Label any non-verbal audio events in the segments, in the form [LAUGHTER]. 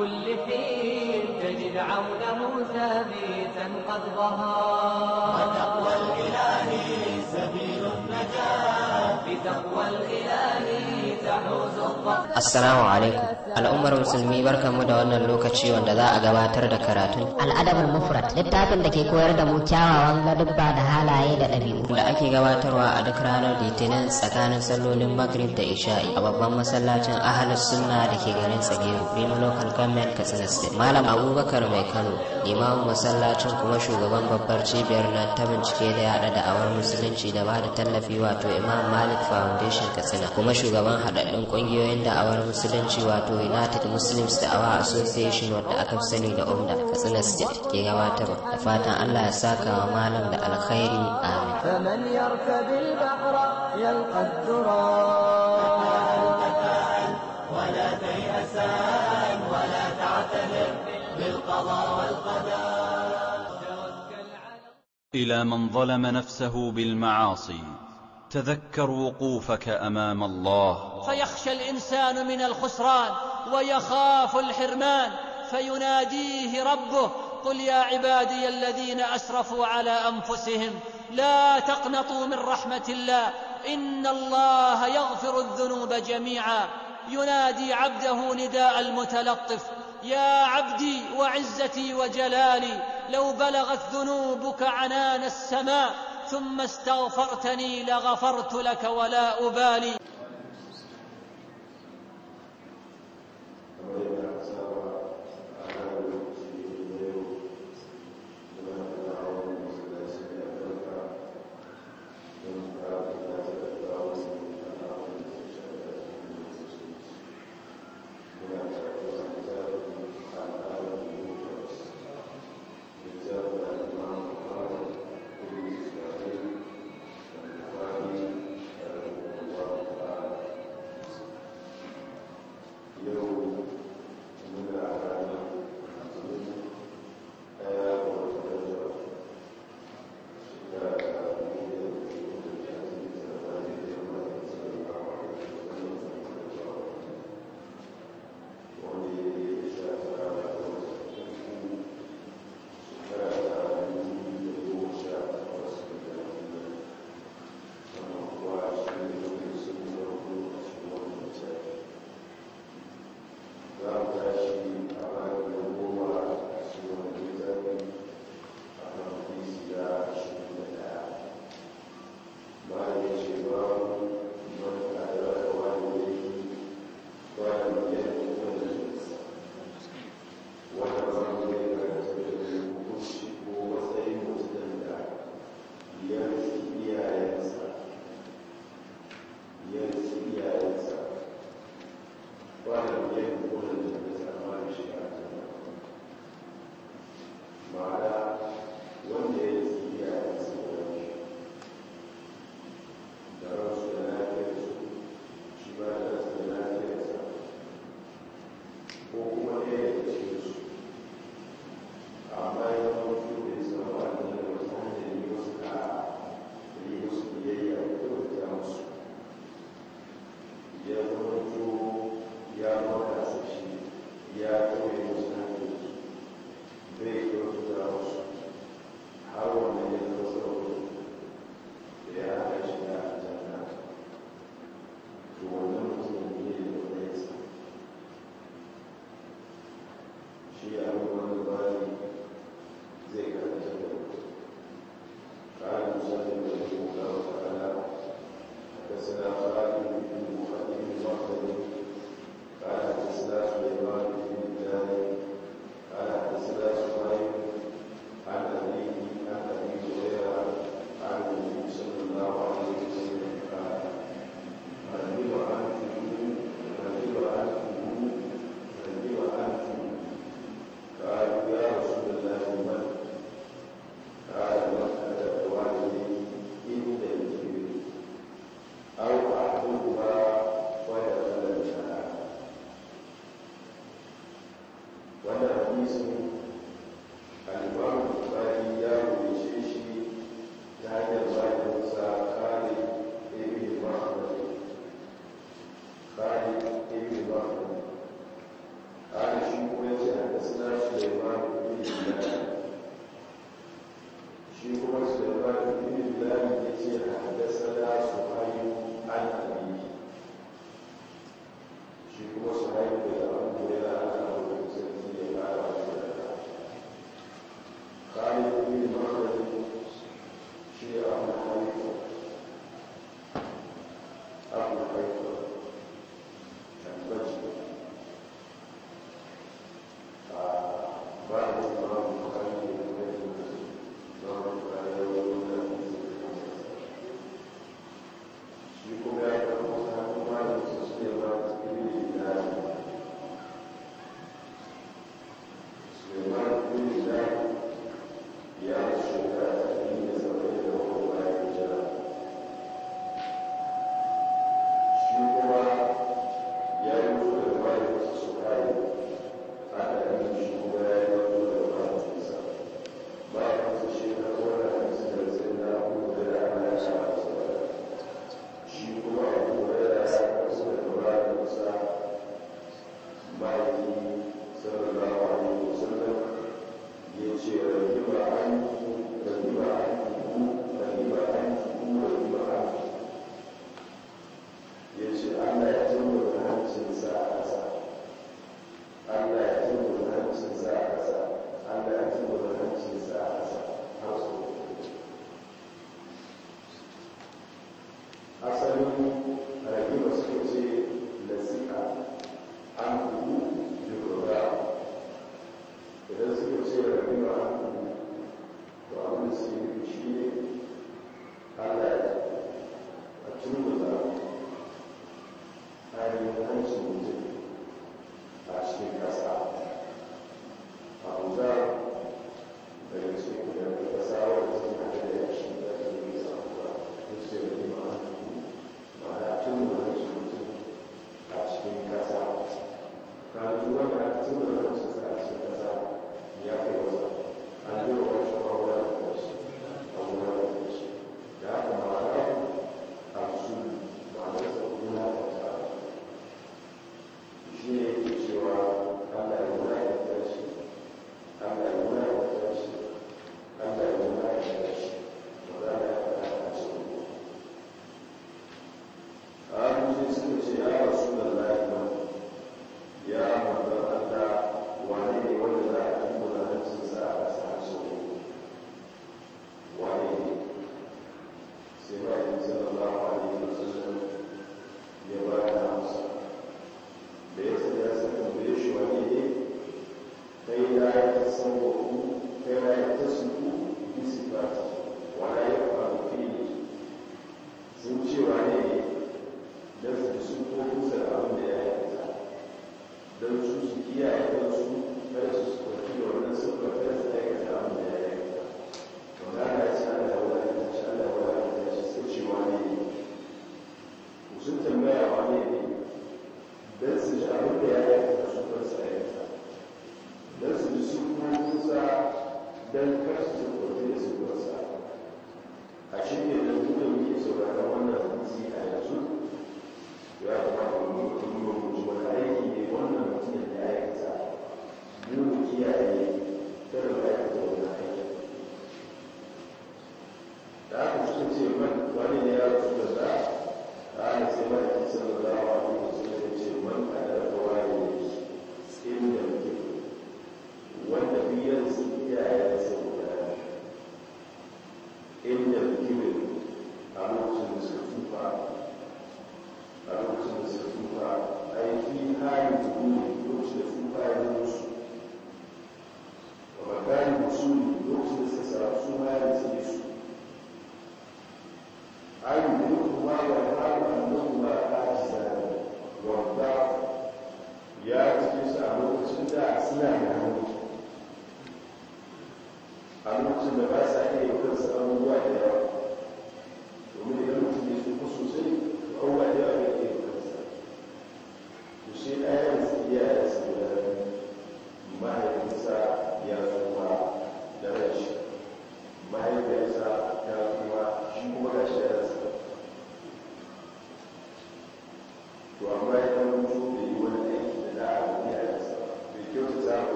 كل حين تجد عونه ثابتا قد ظهر Assalamu alaikum al'ummar musulmi mu da wannan lokaci wanda za a gabatar da karatun al'adabul mufrad littafin da ke koyar da mu kyawawan ladabba da halaye da ɗabi'u da ake gabatarwa a duk ranar litinin tsakanin sallolin maghrib da isha'i a babban masallacin ahlus sunna da ke garin Tsagero Rima local government Katsina State Malam Abubakar Mai Kano Imamu masallacin kuma shugaban babbar cibiyar na ta bincike da yaɗa da'awar musulunci da ba da tallafi wato Imam Malik Foundation Katsina kuma shugaban haɗaɗɗun ƙungiyoyin awar. da'awar musulunci wato united muslims da awa association wadda aka fi sani da umda katsina state ke gabatarwa da fatan allah ya saka wa malam da alkhairi amin إلى من ظلم نفسه بالمعاصي تذكر وقوفك أمام الله فيخشى الإنسان من الخسران ويخاف الحرمان فيناديه ربه قل يا عبادي الذين أسرفوا على أنفسهم لا تقنطوا من رحمة الله إن الله يغفر الذنوب جميعا ينادي عبده نداء المتلطف يا عبدي وعزتي وجلالي لو بلغت ذنوبك عنان السماء ثم استغفرتني لغفرت لك ولا أبالي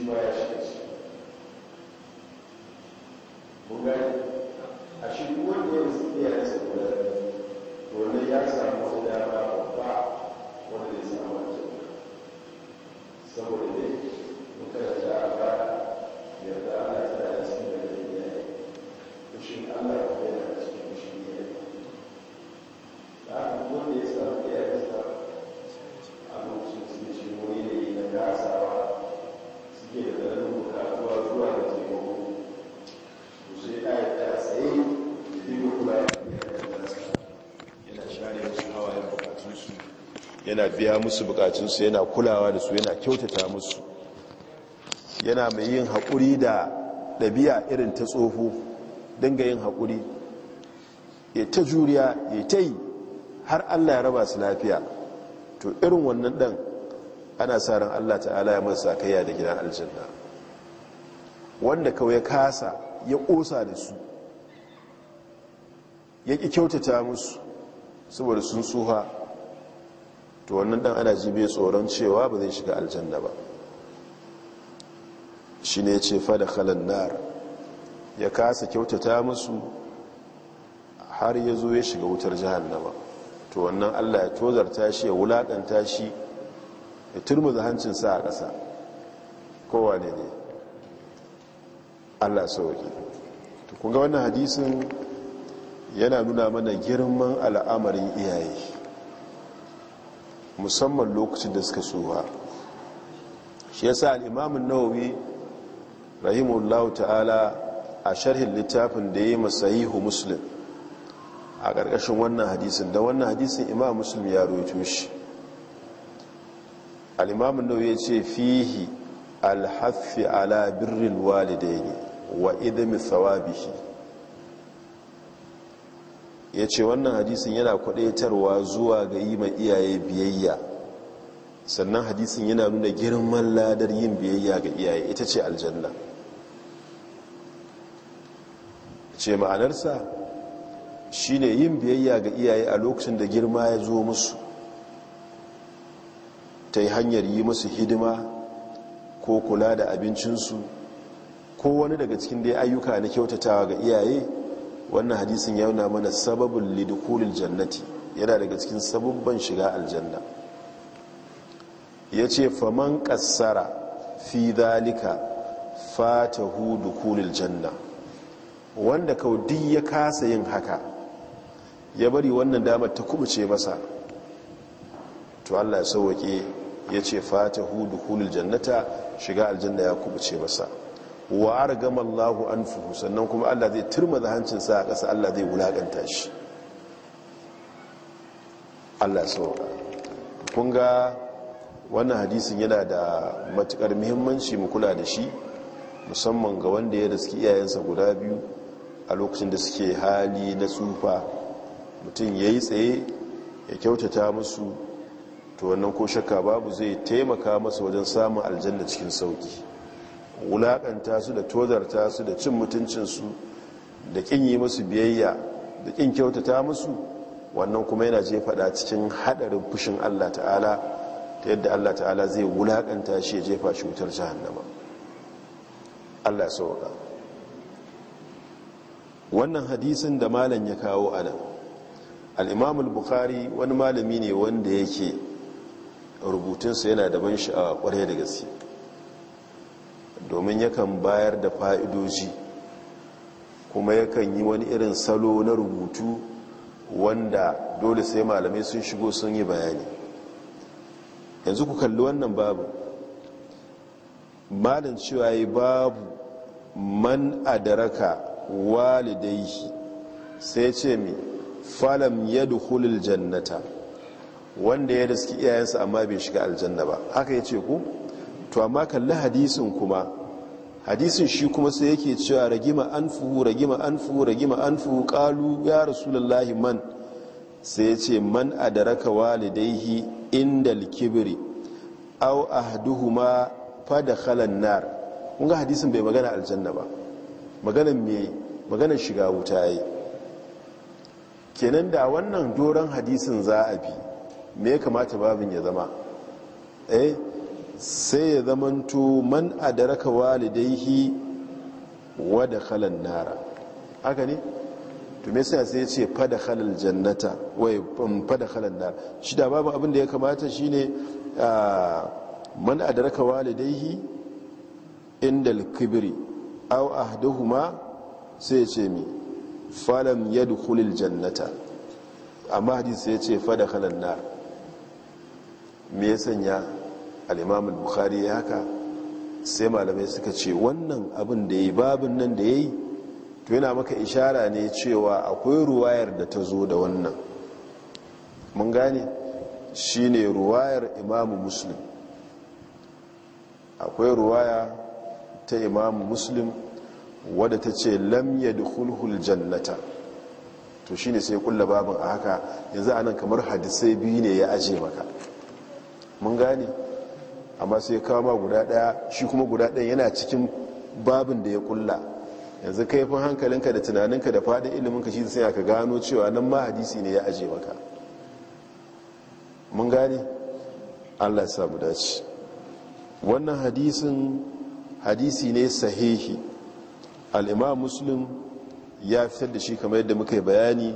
She might yana biya musu bukacinsu yana kulawa da su yana kyautata musu yana mai yin haƙuri da ɗabi'a irin ta tsoho dinga yin haƙuri ya ta juriya ya ta yi har allah ya raba su lafiya to irin wannan ɗan ana sa ran allah ta'ala ya masa kaiya da gidan aljanna wanda kawai ya kasa ya ƙosa da su ya ƙi kyautata musu saboda sun tsoha. to wannan dan ana jibe tsoron cewa ba zai shiga aljanna ba shi ne ce fada nar ya kasa kyautata musu har ya zo ya shiga wutar jihannama to wannan allah ya tozarta shi ya wulaɗanta shi ya hancin hancinsa a ƙasa kowa ne ne allah sauki to kunga wannan hadisin yana nuna mana girman al'amarin iyaye musamman lokacin da suka tsuwa shi yasa al'imamun nawawi rahimullahu ta'ala a sharhin littafin da ya yi masahihu muslim a ƙarƙashin wannan hadisun da wannan hadisin imam muslim ya roto shi al'imamun nawawi ya ce fihi alhaffi ala birrin ne, wa idami tsawabihi ya ce wannan hadisin yana kwadaitarwa zuwa ga yi ma iyaye biyayya sannan hadisin yana nuna girman ladar yin biyayya ga iyaye ita ce aljanna ce ma'anarsa shine yin biyayya ga iyaye a lokacin da girma ya zo musu ta yi hanyar yi musu hidima ko kula da abincinsu ko wani daga cikin dai ayyuka na kyautatawa ga iyaye wannan hadisin ya nuna mana sababin lidukulil jannati yana daga cikin sabubban shiga aljanna ya ce faman kassara fi dalika fatahu dukulil janna wanda kaudi ya kasa yin haka ya bari wannan damar ta kubuce masa to allah ya sauwake yace ce fatahu dukulil jannata shiga aljanna ya kubuce masa wa argama Allahu anfuhu sannan kuma Allah zai turmaza hancinsa a ƙasa Allah zai wulakanta shi Allah sauka kun ga wannan hadisin yana da matukar muhimmanci mu kula da shi musamman ga wanda ya riski iyayensa guda biyu a lokacin da suke hali na tsufa mutum ya yi tsaye ya kyautata musu to wannan ko shakka babu zai taimaka masa wajen samun aljanna cikin sauki wulaƙanta su da tozarta su da cin mutuncinsu da ƙin yi musu biyayya da ƙin kyautata musu wannan kuma yana je faɗa cikin haɗarin fushin allah ta'ala ta yadda allah ta'ala zai wulaƙanta shi ya jefa shi wutar jahannama allah ya sauka wannan hadisin da malam ya kawo a nan al'imamul bukhari wani malami ne wanda yake rubutunsa yana da ban sha'awa ƙwarai da gaske domin yakan bayar da fa'idoji kuma yakan yi wani irin salo na rubutu wanda dole sai malamai sun shigo sun yi bayani yanzu ku kalli wannan babu malin cewa yi babu man adaraka walidai sai ce mi falam ya duhulil jannata wanda ya da suke iyayensa amma bai shiga aljanna ba haka ya ce ku to amma kalli hadisin kuma hadisin shi kuma sai yake cewa ragima anfu ragima anfu ragima anfu qalu ya rasulullahi man sai ya ce man adaraka hi inda likibiri au ahduhuma fadakhalan nar kun hadisin bai magana aljanna ba maganan me maganan shiga wuta yayi kenan da wannan doron hadisin za a bi me ya kamata babin ya zama eh sai ya zamanto man a adaraka walidaihi wa dakhala nara haka ne to me sai ya ce fa dakhala jannata wai um, fa dakhala nara shi da babu abin da ya kamata shi ne, man a adaraka walidaihi inda al au aw ahduhuma sai ya ce mi falam kulil jannata amma hadisi sai ya ce fada dakhala nara me ya sanya al'imamul bukhari ya haka sai malamai suka ce wannan abin da ya yi babin nan da ya yi to yana maka ishara ne cewa akwai ruwayar da ta zo da wannan mun gane shi ne ruwayar imamu muslim akwai ruwaya ta imamu muslim wadda ta ce lamya da hulhul jannata to shi ne sai kulla babin a haka yanzu anan kamar hadisai biyu ne ya ajiye maka mun gane amma sai ya kama guda daya shi kuma guda daya yana cikin babin da ya kulla yanzu kaifin hankalinka da tunaninka da fadin iliminka shi sai aka gano cewa nan ma hadisi ne ya aje maka mun gane allah ya samu dace wannan hadisin hadisi ne sahihi al'imam muslim ya fitar da shi kamar yadda muka yi bayani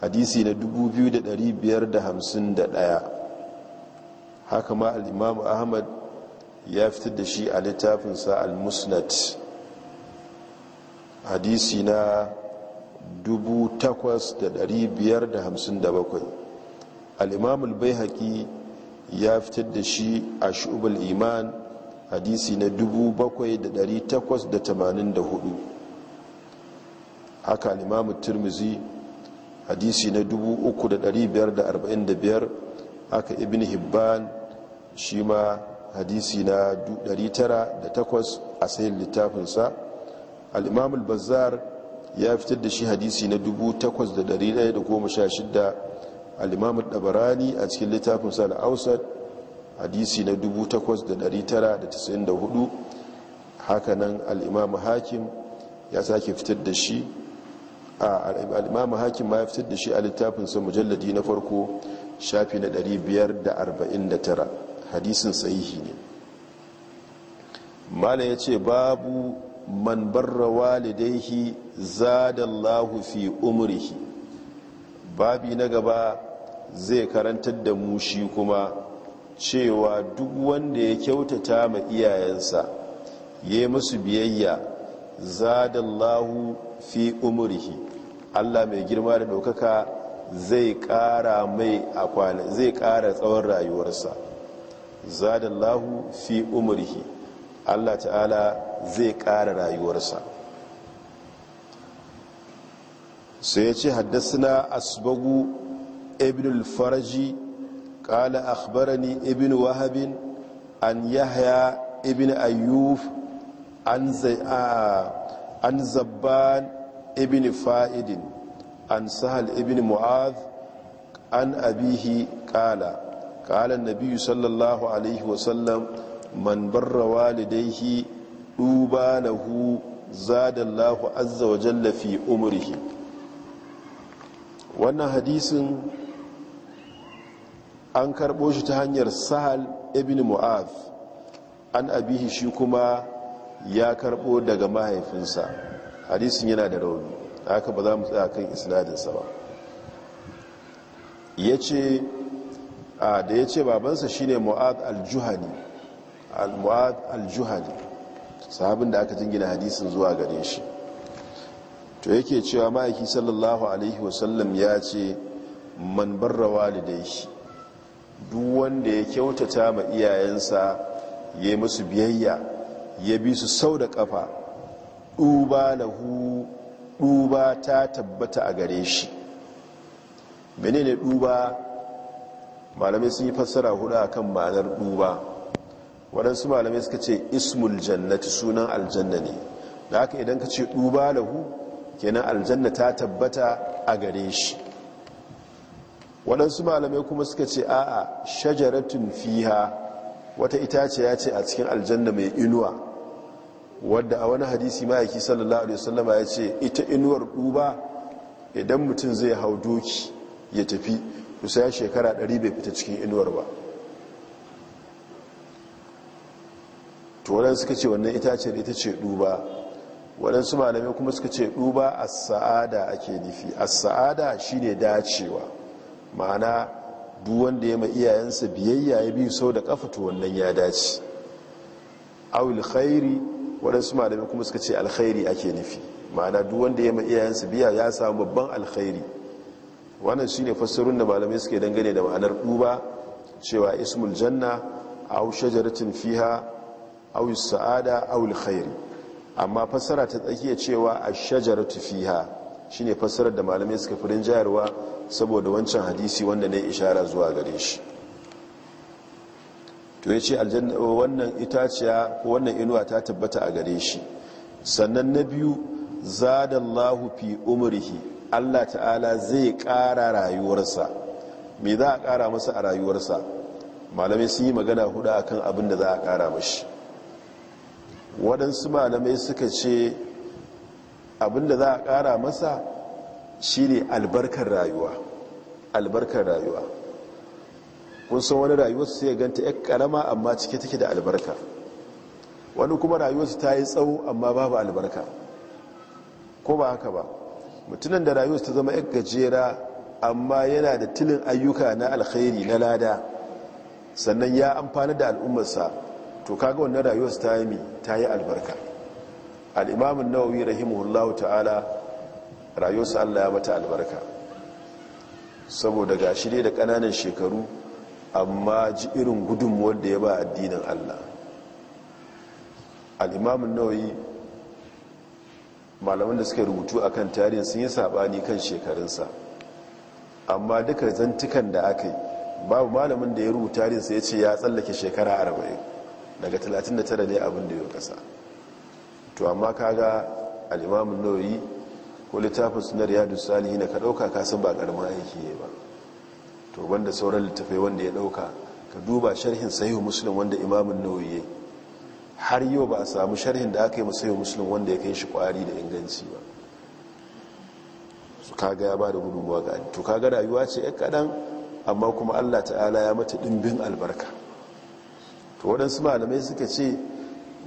hadisi na 2551 haka ma al'imam ahmad ya fitar da shi a littafinsa al-musnad hadisi na 8557 al-imam al-baihaqi ya fitar da shi a shubal iman hadisi na 7884 haka al-imam tirmizi hadisi na 3545 haka ibn hibban shi ma hadisi na 908 a sayin littafinsa al'imam al-bazar ya fitar da shi hadisi na 8,116 al'imam al-dabarani a cikin littafinsa al'ausar hadisi na 8,994 hakanan al'imam hakim ya sake fitar da shi a al'imam hakim ma ya fitar da shi a littafinsa mujalladi na farko shafi na 549 hadisin sahihi ne mala ya ce babu man barra walidaihi zadallahu fi umrihi babi na gaba zai karantar da mushi kuma cewa duk wanda ya kyautata ma iyayensa ya musu biyayya zadallahu fi umrihi Allah mai girma da ɗaukaka zai ƙara mai zai ƙara tsawon rayuwarsa zadallahu fi umarhi Allah ta'ala zai ƙara rayuwarsa sai ya ce haddasa asbagu ibn al-faraji kala akhbarani ibn wahabin an yahya ibn ayyuf an an zabban ibn fa'idin an sahal ibn mu'adh an abihi kala. قال النبي صلى الله عليه وسلم من بر والديه دوبا له زاد الله عز وجل في عمره wannan hadisin an karbo shi ta hanyar sahal ibn mu'af an abihi shi kuma ya karbo daga mahaifinsa hadisin yana da rauni haka ba za mu tsaya kan isnadinsa ba ya ce da ya ce babansa shine mu'ad al-juhani al-mu'ad al-juhani sahabin da aka jingina hadisin zuwa gare shi to yake cewa ma'aiki sallallahu alaihi wasallam ya ce man barra shi duk wanda ya kyautata ma iyayensa ya musu biyayya ya bi su sau da kafa duba lahu duba ta tabbata a gare shi menene duba malamai sun yi fassara hudu akan ma'anar duba waɗansu malamai suka ce ismul jannati sunan aljanna ne da haka idan ka ce duba lahu kenan aljanna ta tabbata a gare shi waɗansu malamai kuma suka ce a'a shajaratun fiha wata itace ya ce a cikin aljanna mai inuwa wadda a wani hadisi ma'aiki sallallahu alaihi wasallama ya ce ita inuwar duba idan mutum zai hau doki ya tafi kusa ya shekara 100 bai fita cikin inuwar ba to waɗansu suka ce wannan itaciyar ita ce duba waɗansu malamai kuma suka ce duba a sa'ada ake nufi a saada shi ne dacewa ma'ana duk wanda ya ma iyayensa biyayya ya biyu sau da kafa to wannan ya dace awil khairi waɗansu malamai kuma suka ce alkhairi ake nufi ma'ana duk wanda ya ma iyayensa biya ya samu babban alkhairi wannan shine fassarun da malamai suke dangane da ma'anar duba cewa ismul janna aw shajaratin fiha aw sa'ada aw al-khair amma fassara ta tsakiya cewa ash-shajaratu fiha shine fassarar da malamai suka furin jayarwa saboda wancan hadisi wanda ne ishara zuwa gare shi to yace aljanna wannan itaciya ko wannan inuwa ta tabbata a gare shi sannan na biyu zadallahu fi umrihi allah ta'ala zai ƙara rayuwarsa me za a ƙara masa a rayuwarsa malamai sun yi magana hudu a kan abin da za a ƙara mashi waɗansu malamai suka ce abin da za a ƙara masa shi ne albarkar rayuwa albarkar rayuwa kun san wani rayuwarsu sai ganta ya karama amma cike take da albarka wani kuma rayuwarsu ta yi tsawo amma babu albarka ko ba haka ba mutunan da rayuwarsa ta zama yan gajera amma yana da tilin ayyuka na alkhairi na lada sannan ya amfana da al'ummarsa to kaga wannan rayuwarsa ta yi ta yi albarka al'imamin nawawi rahimahullahu ta'ala rayuwarsa allah ya mata albarka saboda ga shi da ƙananan shekaru amma ji irin gudunmuwar da ya ba addinin allah al'imamin nawawi malaman da suka rubutu a kan tarihin sun yi saɓani kan shekarunsa amma duka zantukan da aka yi babu malamin da ya rubuta tarihinsa ya ce ya tsallake shekara arba'in daga 39 ne abin da ya kasa to amma kaga al'imamin nauyi ko littafin sunar yadu ne na ka ɗauka kasan ba ƙaramin aiki ne ba to banda sauran littafai wanda ya ɗauka ka duba sharhin sahihu musulun wanda imamin nauyi har yau ba a samu sharhin da aka yi musayi musulun wanda ya kai shi kwari da inganci ba su kaga ya ba da gudunmuwa ga to kaga rayuwa ce ya kadan amma kuma allah ta'ala ya mata ɗimbin albarka to waɗansu malamai suka ce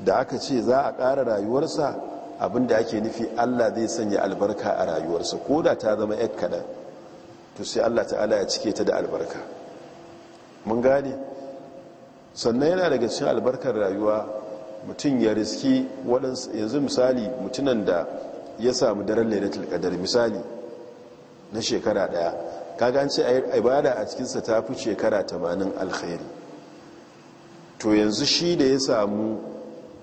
da aka ce za a ƙara rayuwarsa abinda ake nufi allah zai sanya albarka a rayuwarsa ko da ta zama ya kadan to sai allah ta'ala ya cike ta da albarka mun gane sannan yana daga cikin albarkar rayuwa mutum ya riski waɗansu yanzu misali mutunan da ya samu daren lailatul qadar misali na shekara daya kaga ce ibada a cikinsa ta fi shekara 80 alkhairi to yanzu shi da ya samu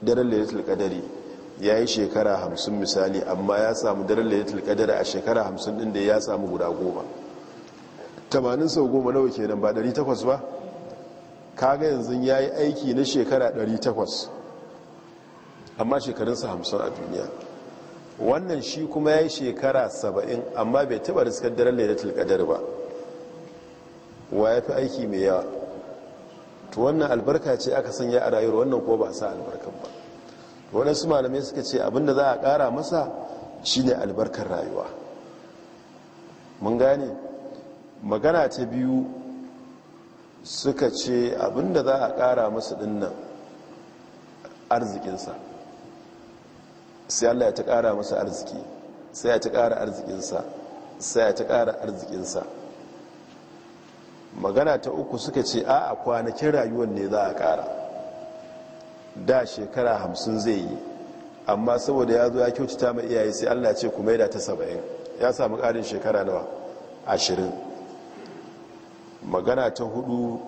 daren lailatul qadari ya yi shekara hamsin misali amma ya samu daren lailatul qadar a shekara hamsin din da ya samu guda goma tamanin sau goma nawa kenan ba 800 ba kaga yanzu ya yi aiki na shekara 800 amma shekarunsa hamsin a duniya wannan shi kuma ya yi shekara saba'in amma bai taba riskar daren lailatul qadar ba wa ya fi aiki mai yawa to wannan albarka ce aka sanya a rayuwar wannan ko ba a sa albarkar ba waɗansu malamai suka ce abinda za a ƙara masa shine albarkar rayuwa mun gane magana ta biyu suka ce abinda za a ƙara masa dinnan arzikinsa sai Allah ya ta ƙara masa arziki sai ya ta ƙara arzikinsa sai ya ta ƙara arzikinsa magana ta uku suka ce a a kwanakin rayuwar ne za a ƙara da shekara hamsin zai yi amma saboda ya zo ya kyautata mai iyaye sai Allah ce kuma yada ta saba'in ya samu ƙarin shekara nawa ashirin magana ta hudu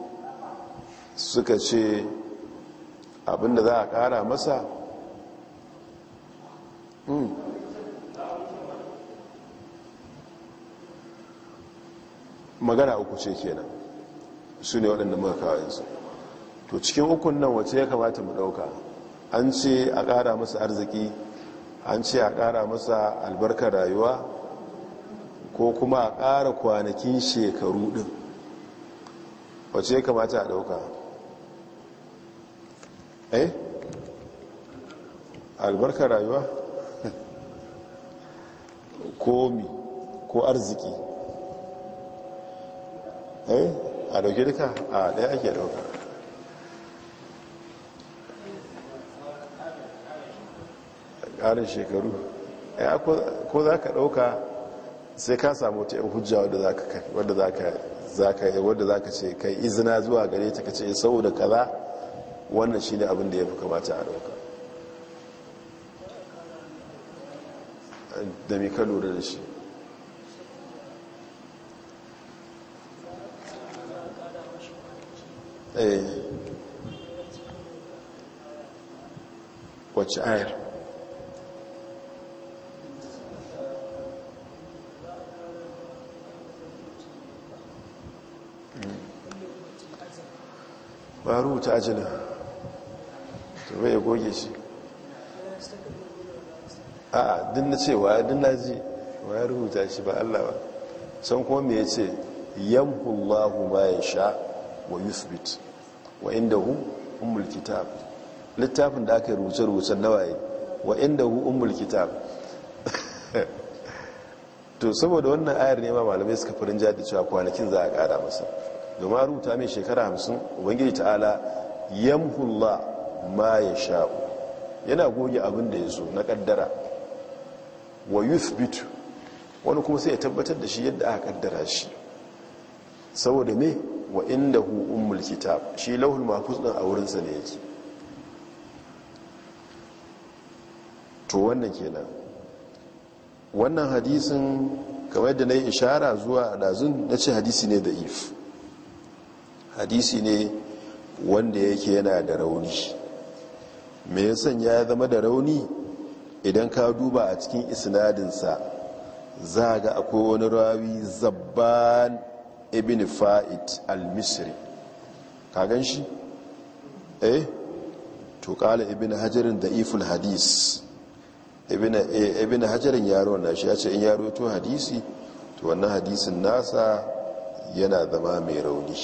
suka ce abinda za a ƙara masa Hmm. magana uku ce kenan su ne waɗanda muka kawayensu to cikin ukun nan wace ya kamata mu ɗauka an ce a ƙara masa arziki an ce a ƙara masa albarkar rayuwa ko kuma a ƙara kwanakin shekaru ɗin wace ya kamata a ɗauka eh albarkar rayuwa komi ko arziki eh a dauke duka a daya ake dauka ƙarin shekaru eh, ko za ka ɗauka sai ka samu ta hujja wadda za ka ce kai izina zuwa gare ta ka ce saboda kaza wannan shi ne abin da ya fi kamata a ɗauka da mai ka lura da shi wacce ayar baru ta ajina to bai goge shi a'a din na ce waya din na ji waya rubuta shi ba Allah ba san kuma me yamhu, yamhullahu ma ya sha, wa yusbit wa hu umul kitab littafin da aka rubuce rubuce waye wa hu umul kitab [LAUGHS] to saboda wannan ayar ne ma malamai suka farin jadi cewa kwanakin za a kara masa domin rubuta mai shekara hamsin ubangiji ta'ala Allah ma ya sha, yana goge abin da ya so na kaddara wa yuthbitu wani kuma sai ya tabbatar da shi yadda aka kaddara shi saboda me wa indahu ummul kitab shi lauhul mahfuz din a wurin sa ne yake to wannan kenan wannan hadisin kamar da nayi yi ishara zuwa dazun na hadisi ne da if hadisi ne wanda yake yana da rauni me yasan ya zama da rauni idan ka duba a cikin isnadinsa za ga akwai wani rawi zabban ibn fa'id al-misri ka gan shi? eh to kala ibn hajarin da iful hadis ibn eh, hajjarin yaro na shi ya ce in yaro to hadisi to wannan hadisin nasa yana zama mai rauni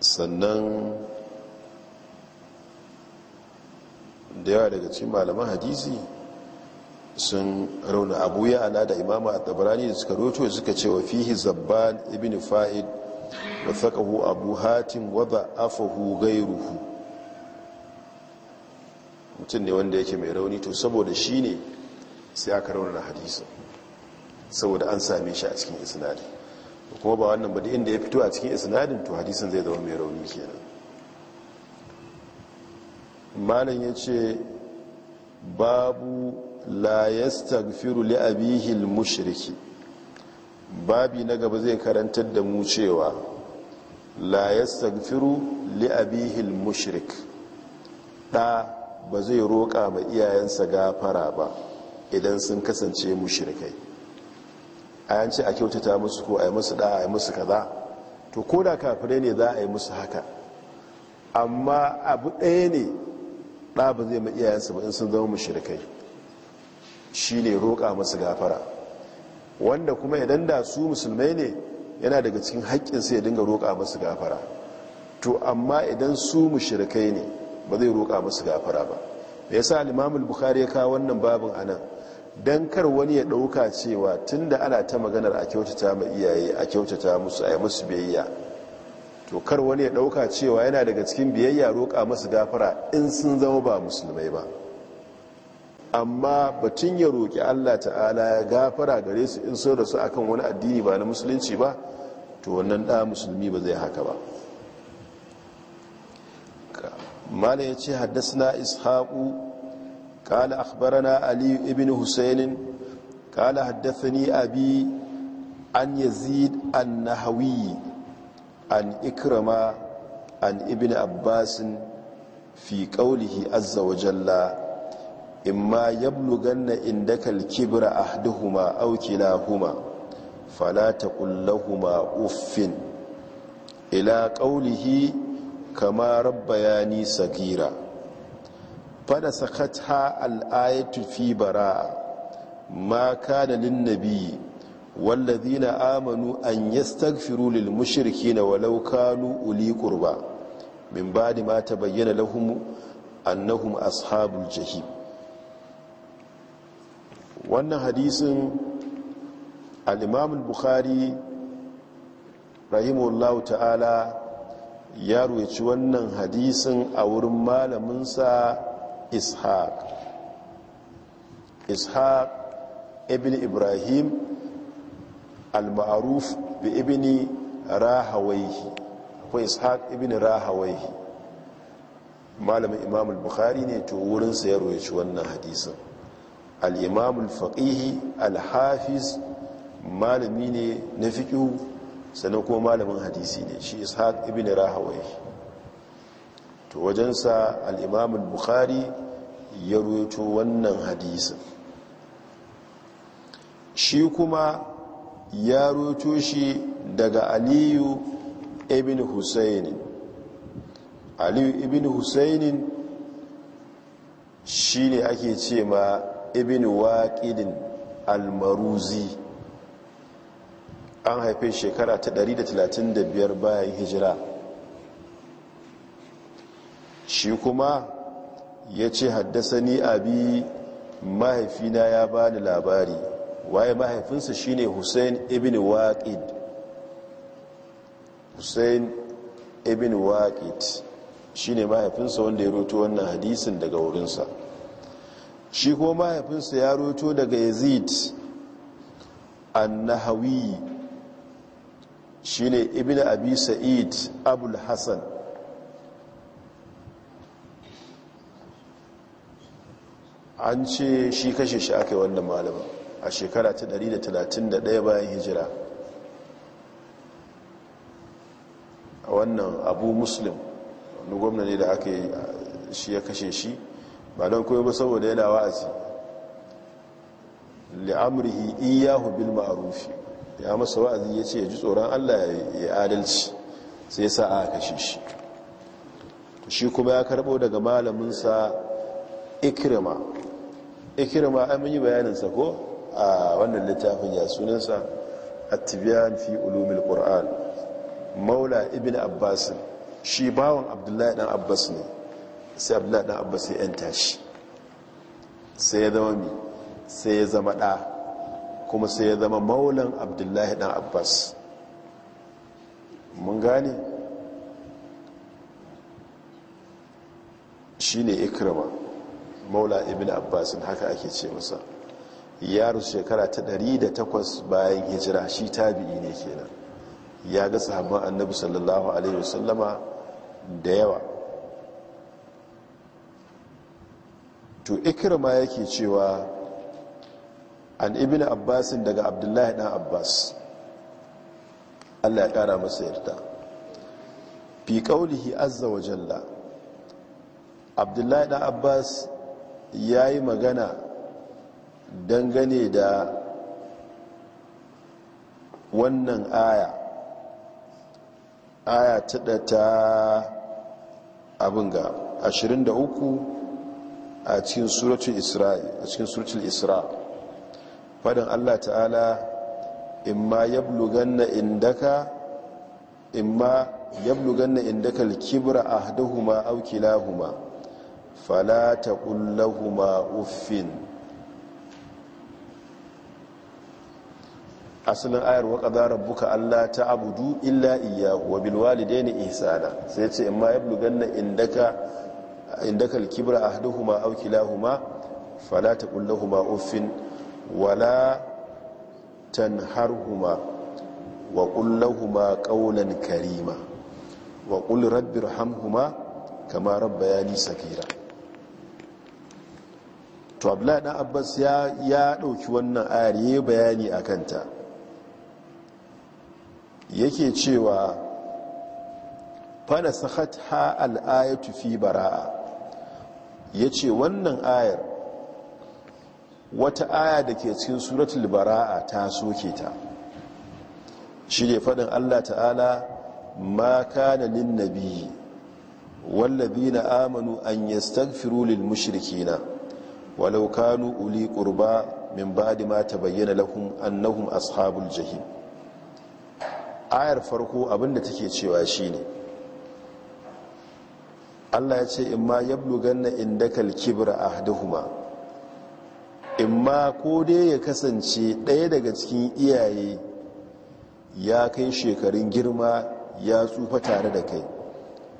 sannan da yawa daga cikin malaman hadisi sun rauna abu ya ala da imama a tabarani da suka roto suka ce wa fihi zabban ibn fa'id wa thaqahu abu hatim wa da'afahu ghayruhu mutum ne wanda yake mai rauni to saboda shi ne sai aka raunana hadisi saboda an same shi a cikin isnadi kuma ba wannan ba inda ya fito a cikin isnadin to hadisin zai zama mai rauni kenan malam ya ce babu la yastaghfiru li abihi mushriki babi na gaba zai karantar da mu cewa la yastaghfiru li abihi mushrik Ɗa ba zai roƙa ma iyayensa gafara ba idan sun kasance mushrikai a ce a kyautata musu ko a yi musu da a yi musu kaza to koda da kafirai ne za a yi musu haka amma abu ɗaya ne ɗa ba zai ma iyayensa ba in sun zama shi ne roƙa masu gafara wanda kuma idan da su musulmai ne yana daga cikin haƙƙinsa ya dinga roƙa masu gafara to amma idan su mashirkai ne ba zai roƙa masu gafara ba ya sa limamul bukari ya kawo wannan babin anan dan kar wani ya ɗauka cewa tunda ana ta maganar a kyautata ma iyaye a kyautata musu a yi musu biyayya to kar wani ya ɗauka cewa yana daga cikin biyayya roƙa masu gafara in sun zama ba musulmai ba amma batun ya roƙi allah ta'ala ya gafara gare su in sun rasu akan wani addini ba na musulunci ba to wannan ɗa musulmi ba zai haka ba mala ya ce haddasa ishaku قال أخبرنا علي بن haddasa ni abi an أن an nahawi. an ikrama an ibn abbasin fi ƙaulihi azza wa jalla imma yabluganna indaka al-kibra ahduhuma aw kilahuma fala taqul lahumu uffin ila qawlihi kama rabbayani sagira fada sakatha al'ayatu fi baraa ma kada lin-nabi wallazina amanu an yastaghfiru lil mushrikeena walau kanu uli qurba min ba'di ma tabayyana lahum annahum ashabul jahim wannan hadisin al-imam al-bukhari rahimahullahu ta'ala ya ruwaci wannan hadisin a wurin malaminsa ishaq ishaq ibn ibrahim al-ma'aruf bi ibini rahawaihi akwai ishaq ibini rahawaihi malamin imam al-bukhari ne to wurinsa ya roye wannan hadisin al-imam al-faqihi al-hafiz malami ne na fiƙihu sannan kuma malamin hadisi ne shi ishaq ibni rahawai to wajensa al-imam al-bukhari ya ruwaito wannan hadisin shi kuma ya roto shi daga aliyu ibn husaini aliyu ibn husaini shi ne ake ce ma ibn waƙidin almaruzi an haife shekara ta 135 bayan hijira shi kuma ya ce haddasa ni abi mahaifina ya bani labari waye mahaifinsa shine hussein ibn waqid hussein ibn waqid shine mahaifinsa wanda ya roto wannan hadisin daga wurinsa shi kuma mahaifinsa ya roto daga yazid an annahawi shine ibn abi sa'id abul hassan an ce shi kashe shi aka yi wannan malamin a shekara ta 131 bayan hijira a wannan abu muslim wani gwamna ne da aka shi ya kashe shi ba don koyo ba saboda yana wa'azi li'amrihi iyahu bil ma'arufi ya masa wa'azi ya ce ya ji tsoron allah ya adalci sai sa a kashe shi shi kuma ya karbo daga malaminsa ikirma ikirma an yi bayaninsa ko a wannan littafin ya sunansa at-tibyan fi ulumil qur'an maula ibn abbas shi bawon abdullahi dan abbas ne sai abdullahi dan abbas ya yanta shi sai ya zama mi sai ya zama ɗa, kuma sai ya zama maulan abdullahi dan abbas mun gane ne ikrama maula ibn Abbasin haka ake ce masa yaro shekara ta 108 bayan hijira shi tabi'i ne kenan ya ga sahabban annabi sallallahu alaihi wasallama da yawa to ikrima yake cewa an ibn abbasin daga abdullahi dan abbas Allah ya kara masa yarda fi qaulihi azza wa jalla abdullahi dan abbas yayi magana dangane da wannan aya aya ta ɗata abin ga 23 a cikin suratul isra'i a cikin suratul isra'i fadin allah ta'ala in imma yabluganna indaka imma yabluganna indaka al-kibra ahdahuma huma kilahuma fala taqul lahumu uffin asalin ayar wa qadara allah ta abudu illa iyyahu wa bil ne isana sai ce imma yablughanna indaka indaka al-kibra ahduhuma aw kilahuma fala ƙulla huma ofin wala huma wa ƙulla huma ƙaunan karima wa qul rabbirhamhuma kama rabbayani sakira to abdullahi dan abbas ya ɗauki wannan ayar yi bayani a kanta. yake cewa fana sahat ha al'ayatu fi bara'a ya ce wannan ayar wata aya da ke cikin suratul bara'a ta soke ta shi ne faɗin allah ta'ala ma kana lin nabi wallabi na amanu an yi stagfiru lil mushrikina walau kanu uli ƙurba min ba ma ta bayyana lahum annahum ashabul jahim ayar farko abinda take cewa shi ne. Allah ya ce in ma yabluganna indakal kibra ahduhuma in ma ko dai ya kasance ɗaya daga cikin iyaye ya kai shekarun girma ya tsufa tare da kai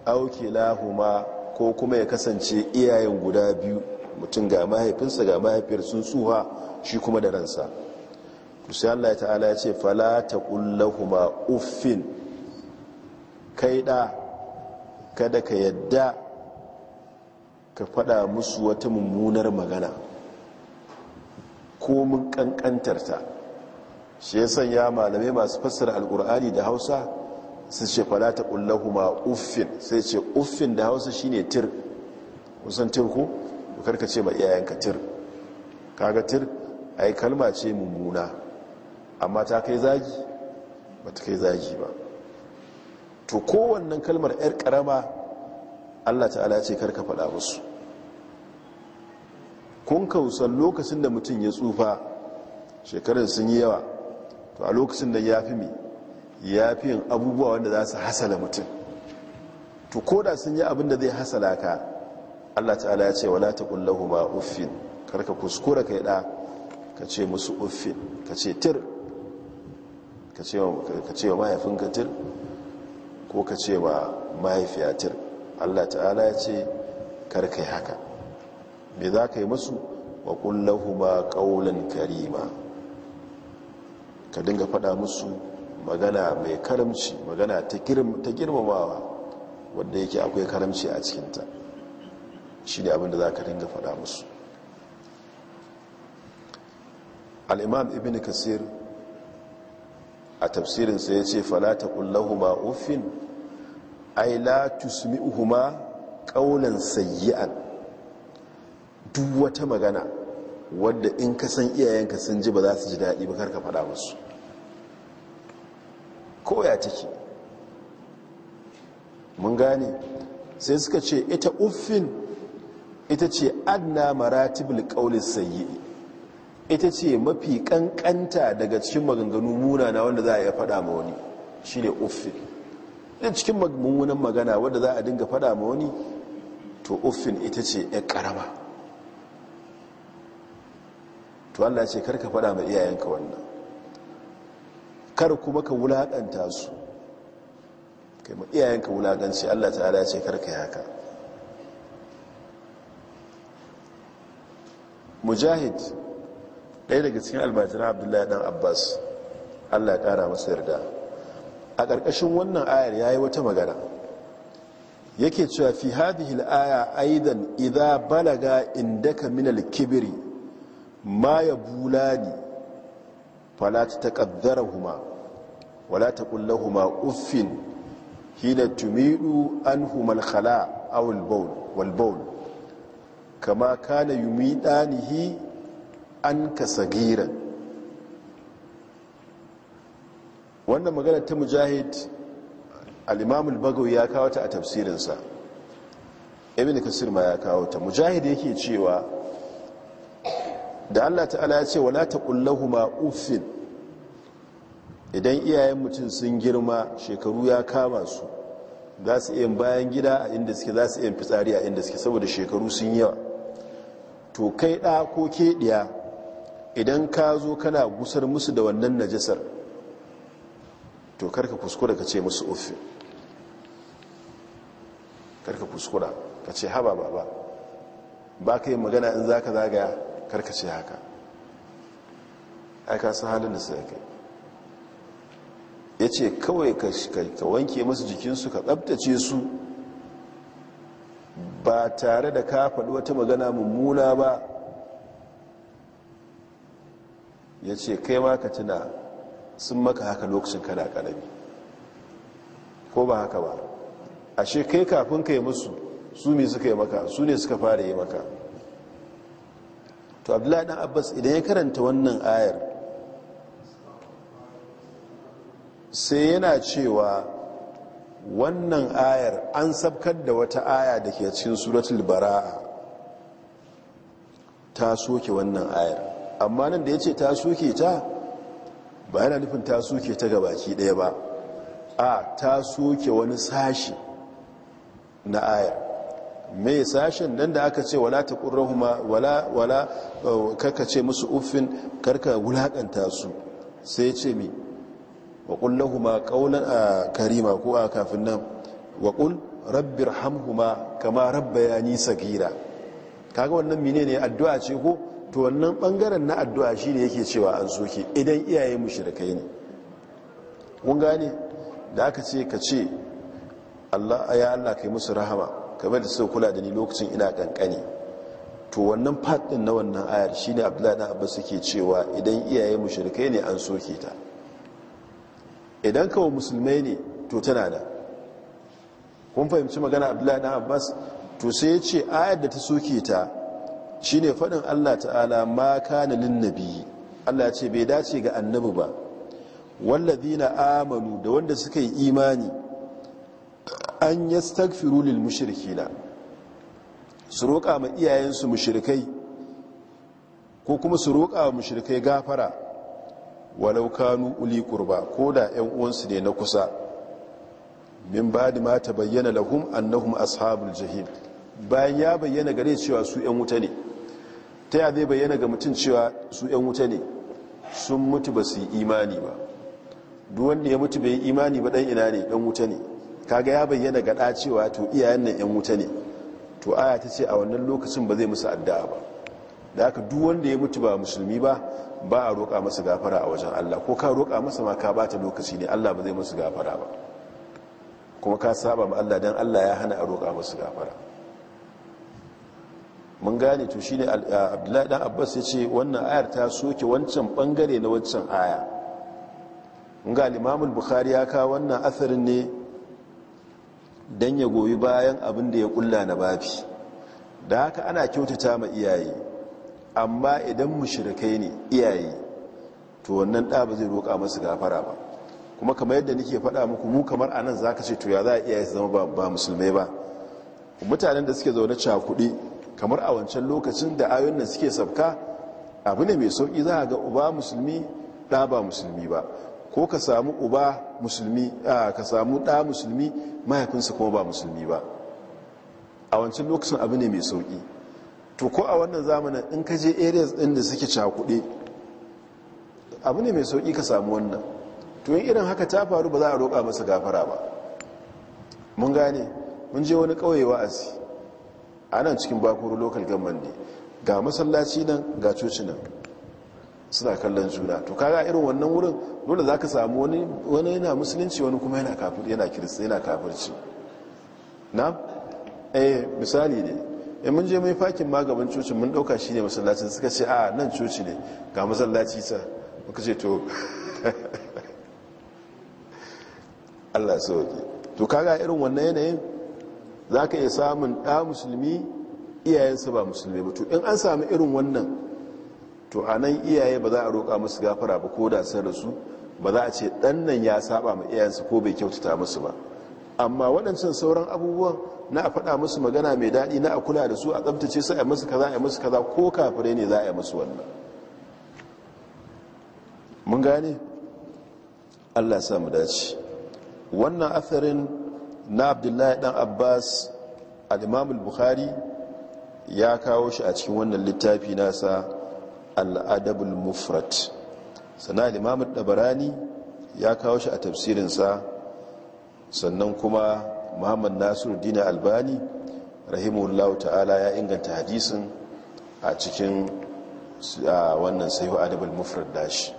auki lahuma ko kuma ya kasance iyayen guda biyu mutum ga mahaifinsa ga mahaifiyar sun tsuha shi kuma da ransa kusa Allah ya ta'ala ya ce fala taqul uffin kai kada ka yadda ka fada musu wata mummunar magana ko mun kankantarta shi ya sanya malamai masu fassara alkur'ani da Hausa su ce fala taqul uffin sai ce uffin da Hausa shine tir kusan tir ko karka ce ma iyayenka tir kaga tir ai kalma ce mummuna amma ta kai zagi ba ta kai zagi ba to kowannan kalmar 'yar karama allah ta'ala ce karka faɗa musu kun kausan lokacin da mutum ya tsufa shekarun sun yi yawa to a lokacin da ya fi mi ya fi yin abubuwa wanda za su hasala mutum to koda sun yi abin da zai hasala ka allah ta'ala ya ce wala ta kullahu ma uffin karka kuskura kai ɗa ka ce musu uffin ka ce tir ka ce wa mahaifin tir ko ka ce wa mahaifiyatir allah ta'ala ya ce yi haka me za ka yi masu wa kullahu ma ƙaunan karima ka dinga fada musu magana mai karamci magana ta girmamawa wanda yake akwai karamci a cikinta shi ne abinda za ka dinga fada musu al'imam ibn kasir a tafsirinsa ya ce falata kullahu uffin ai la tusmi'uhuma qaulan sayyi'an duk wata magana wadda in ka san iyayenka sun ji ba za su ji daɗi ba karka faɗa musu koya take mun gane sai suka ce ita uffin ita ce adna maratibul ƙaunin sayyi'i ita ce mafi kankanta daga cikin maganganu munana wanda za a iya faɗa ma wani shi ne uffin ɗin cikin mummunan magana wanda za a dinga faɗa ma wani to uffin ita ce ya ƙarama to allah ce karka faɗa ma iyayenka wannan kar kuma ka wulaƙanta su kai ma iyayenka wulaƙanci allah ta'ala ce karka yaka mujahid ɗaya daga cikin almajiran abdullahi dan abbas allah ya ƙara masa yarda a ƙarƙashin wannan ayar ya yi wata magana yake cewa fi hadhihi al-aya aidan idha balaga indaka min al-kibri ma yabulani fala huma. wala taqul huma uffin hina tumidu an al-khala aw al-bawl wal-bawl kama kana yumidanihi an ka sagiran wannan magana ta mujahid al'imamul bagawi ya kawo ta a tafsirinsa ibn kasir ma ya kawo ta mujahid yake cewa da allah ta'ala ya ce wala ta ma ufin idan iyayen mutum sun girma shekaru ya kama su za su iya bayan gida a inda suke za su iya fitsari a inda suke saboda shekaru sun yawa to kai ɗa ko keɗiya idan ka zo kana gusar musu da wannan najisar to karka kuskura ka ce musu uffi karka kuskura ka ce haba baba ba ka yi magana in za ka zagaya karka ce haka aika su halin da su kai ya ce kawai ka wanke musu jikinsu ka tsabtace su ba tare da ka faɗi wata magana mummuna ba ya ce kai ma ka tuna sun maka haka lokacin kana karami ko ba haka ba ashe kai kafin ka yi musu su ne suka yi maka su ne suka fara yi maka to abdullahi dan abbas idan ya karanta wannan ayar sai yana cewa wannan ayar an sabkar da wata aya da ke cikin suratul bara'a ta soke wannan ayar amma nan da ya ce ta suke ta ba yana nufin ta suke ta gabaki ɗaya ba a ta suke wani sashi na aya mai sashen nan da aka ce wala ta ƙurrahuma wala wala uh, karka ce musu uffin karka wulaƙanta su sai ce mi wa lahuma ƙaunar uh, a karima ko a kafin nan wa rabbir hamhuma kama ya nisa sagira kaga wannan mine ne addu'a ce ko to wannan bangaren na addu'a shi ne yake cewa an soke idan iyaye mushrikai ne kun gane da aka ce ka ce Allah ya Allah kai musu rahama kamar da suka kula da ni lokacin ina kankani to wannan part din na wannan ayar shine Abdullahi dan Abbas suke cewa idan iyaye mushrikai ne an soke ta idan kawo musulmai ne to tana da kun fahimci magana Abdullahi dan Abbas to sai ya ce ayar da ta soke ta Shi ne faɗin Allah ta'ala ma kana lin nabi Allah ce bai dace ga annabi ba na amanu da wanda suka yi imani an yastaghfiru lil mushrikina su roƙa ma iyayensu mushrikai ko kuma su roƙa wa mushrikai gafara walau kanu uli kurba ko da 'yan uwansu ne na kusa min da ma bayyana lahum annahum ashabul jahil. bayan ya bayyana gare cewa su 'yan wuta ne ta ya bayyana ga mutum cewa su 'yan wuta ne sun mutu ba su yi imani ba duwanda ya mutu bai yi imani ba ɗan ina ne ɗan wuta ne kaga ya bayyana ga ɗa cewa to iyayen nan 'yan wuta ne to aya ta ce a wannan lokacin ba zai musu addu'a ba da haka duwanda ya mutu ba musulmi ba ba a roƙa masa gafara a wajen allah ko ka roƙa masa ma ka bata lokaci ne allah ba zai musu gafara ba kuma ka saba ma allah don allah ya hana a roƙa masu gafara mun gane to shine abdullahi dan abbas ya ce wannan ayar ta soke wancan bangare na wancan aya mun ga limamul bukhari ya kawo wannan asarin ne dan ya goyi bayan abin da ya kulla na babi da haka ana kyautata ma iyaye amma idan mu mushrikai ne iyaye to wannan da ba zai roƙa masu gafara ba kuma kamar yadda nake faɗa muku mu kamar anan zaka ce to ya za a iyaye su zama ba musulmai ba mutanen da suke zaune cakudi. kamar a wancan lokacin da ayon nan suke sabka abu ne mai sauki za a ga uba musulmi ɗa ba musulmi ba ko ka samu uba musulmi ka samu ɗa musulmi mahaifinsa kuma ba musulmi ba a wancan lokacin abu ne mai sauki to ko a wannan zamanin in ka je areas ɗin da suke cakuɗe abu ne mai sauki ka samu wannan to yin irin haka ta faru ba za a roƙa masa gafara ba mun gane mun je wani ƙauye wa'azi anan cikin bakuru local government ne ga masallaci nan ga coci nan suna kallon juna to kaga irin wannan wurin dole za ka samu wani yana musulunci wani kuma yana kafir yana kirista yana kafirci na eh misali ne in eh, mun je mai fakin magaban coci mun dauka shi ne masallacin suka ce a ah, nan coci ne ga masallaci ta maka ce to [LAUGHS] Allah sauki to kaga irin wannan yanayin za ka iya samun ɗa musulmi iyayensa ba musulmi ba to in an sami irin wannan to a nan iyaye ba za a roƙa musu gafara ba ko da sun rasu ba za a ce ɗan nan ya saba ma iyayensa ko bai kyautata musu ba amma waɗancan sauran abubuwan na a faɗa musu magana mai daɗi na a kula da su a tsabtace su a musu kaza a musu kaza ko kafirai ne za a yi musu wannan mun gane allah samu dace wannan atharin na abdullahi dan abbas al-imam al-bukhari ya kawo shi a cikin wannan littafi nasa al-adabul mufrat sana al-imam dabarani ya kawo shi a tafsirin sa sannan kuma muhammad dina albani rahimahullahu ta'ala ya inganta hadisin a cikin wannan sayo adabul mufrad dashi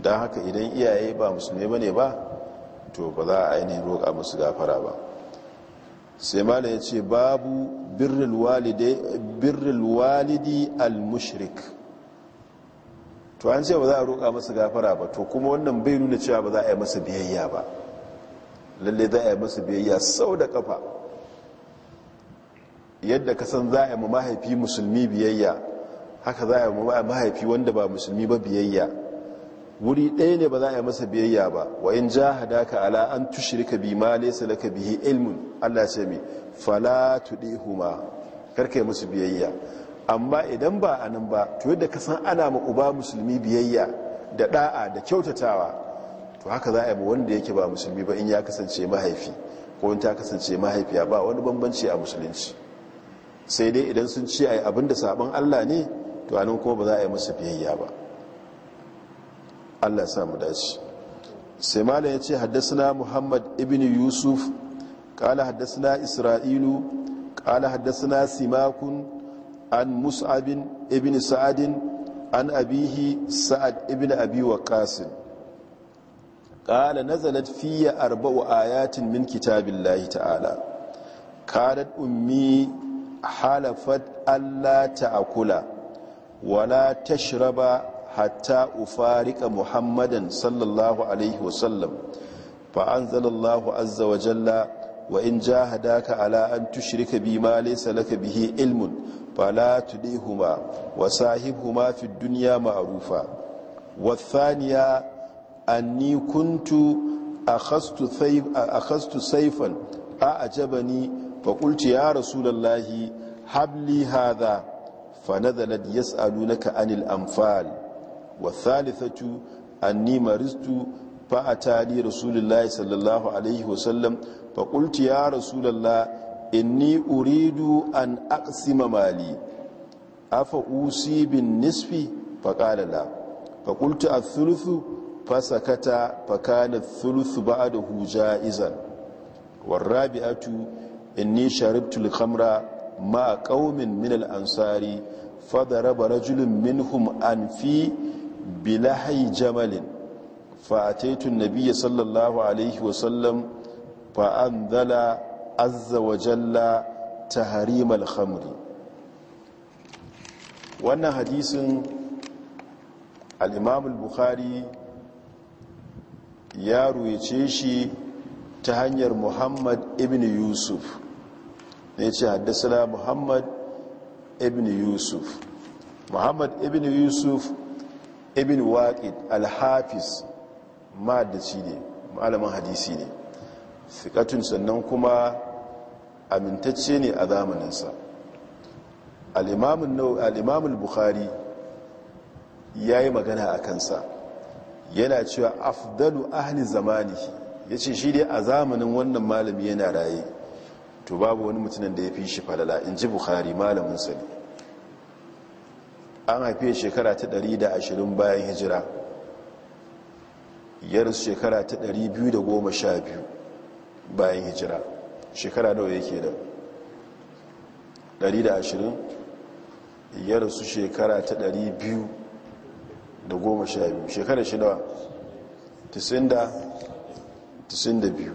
don haka idan iyaye ba musulmi bane ba to ba za a ainihin roƙa musu gafara ba sai malam ya ce babu Birrin walidi al-mushrik to an ce ba za a roƙa musu gafara ba to kuma wannan bai nuna cewa ba za a yi masa biyayya ba lalle za a yi masa biyayya sau da kafa yadda ka san za a yi mahaifi musulmi biyayya haka za a yi mahaifi wanda ba musulmi ba biyayya wuri ɗaya ne ba za a yi masa biyayya ba wa in hadaka ala an ka bi ma laysa laka bihi ilmun Allah ce mi fala tudihuma yi musu biyayya amma idan ba nan ba to yadda ka san ana ma uba musulmi biyayya da ɗa'a da kyautatawa to haka za a yi ma wanda yake ba musulmi ba in ya kasance mahaifi ko in ta kasance mahaifiya ba wani bambanci a musulunci sai dai idan sun ci a yi abin da sabon Allah ne to anan kuma ba za a yi masa biyayya ba allah samu dace sai mala ya ce haddasa muhammad ibn yusuf kala haddasa isra'ilu kala haddasa simakun an mus'abin ibn sa'adin an abihi sa'ad ibn abi waqasin kala nazalat fiye arba'u ayatin min kitabillahi ta'ala kanat ummi halafat alla ta'kula wala tashraba hatta ufarika muhammadan sallallahu alaihi wasallam fa anzalallahu azza wa jalla wa in jahadaka ala an tushrika bima laysa laka bihi ilmun fala tudihuma wa sahibhuma fid dunya ma'rufa wa thaniya anni kuntu akhastu thayb akhastu sayfan a'jabani fa qultu ya rasulallahi habli hadha fa nadala yas'alunaka anil anfal wa thalithatu anni maristu fa atali rasulullahi sallallahu alaihi wasallam fa qultu ya rasulullah inni uridu an aqsima mali afa usi bin nisfi fa qala la fa qultu ath-thuluthu fa sakata fa kana ath-thuluthu ba'dahu jaizan warabi'atu inni sharibtu al-khamra ma qaumin min al-ansari فضرب رجل منهم أنفي bilahai jamalin fa'ataitun nabiya sallallahu alaihi wasallam fa'andala azza wa jalla ta harimal hamri wannan hadisin al'imamul bukhari ya ruwace shi ta hanyar muhammad ibn yusuf da ce haddasa muhammad ibn yusuf muhammad ibn yusuf ibn waqid al-hafiz shi ne malamin hadisi ne sikatun sannan kuma amintacce ne a zamaninsa al-imam al-bukhari yayi magana a kansa yana cewa afdalu ahli zamanihi ce shi dai a zamanin wannan malami yana raye to babu wani mutumin da ya fi shi falala in ji bukhari malamin sa ne an haife shekara ta 120 bayan hijira ya shekara ta 212 bayan hijira shekara nawa yake da 120 ya rasu shekara ta 212 shekara shi nawa 92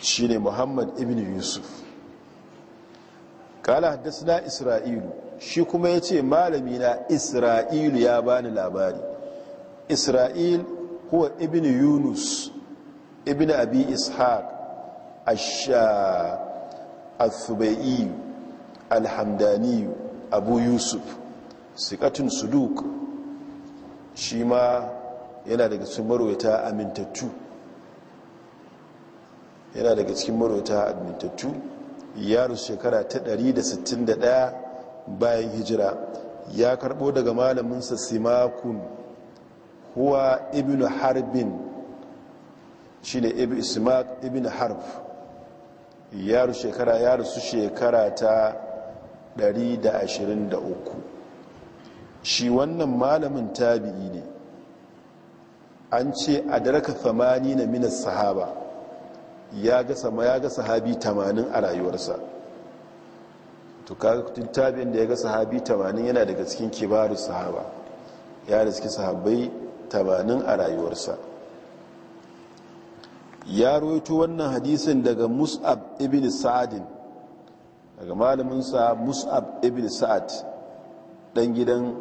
shi ne muhammad ibn yusuf قال حدثنا إسرائيل shi kuma ya ce malami na isra'ilu ya bani labari isra'il kuwa ibn yunus ibn abi ishaq uh, al-thubai'i al-hamdani abu yusuf sikatun suduk shi ma yana daga cikin marwata amintattu yana daga cikin marwata amintattu yaro shekara ta 161 bayan hijira ya karbo daga malaminsa simakun huwa ibn harbin shi ne simak ibn harb yaro shekara ya rasu shekara ta 123 shi wannan malamin tabi'i ne an ce a daraka 80 na minas sahaba ya ga sahabi 80 a rayuwarsa to kakutun tabi da ya ga sahabi tamanin yana daga cikin kibarun sahaba ya suke sahabai tamanin a rayuwarsa ya roito wannan hadisin daga mus'ab ibn sa'adin daga malaminsa mus'ab ibn sa'ad dan gidan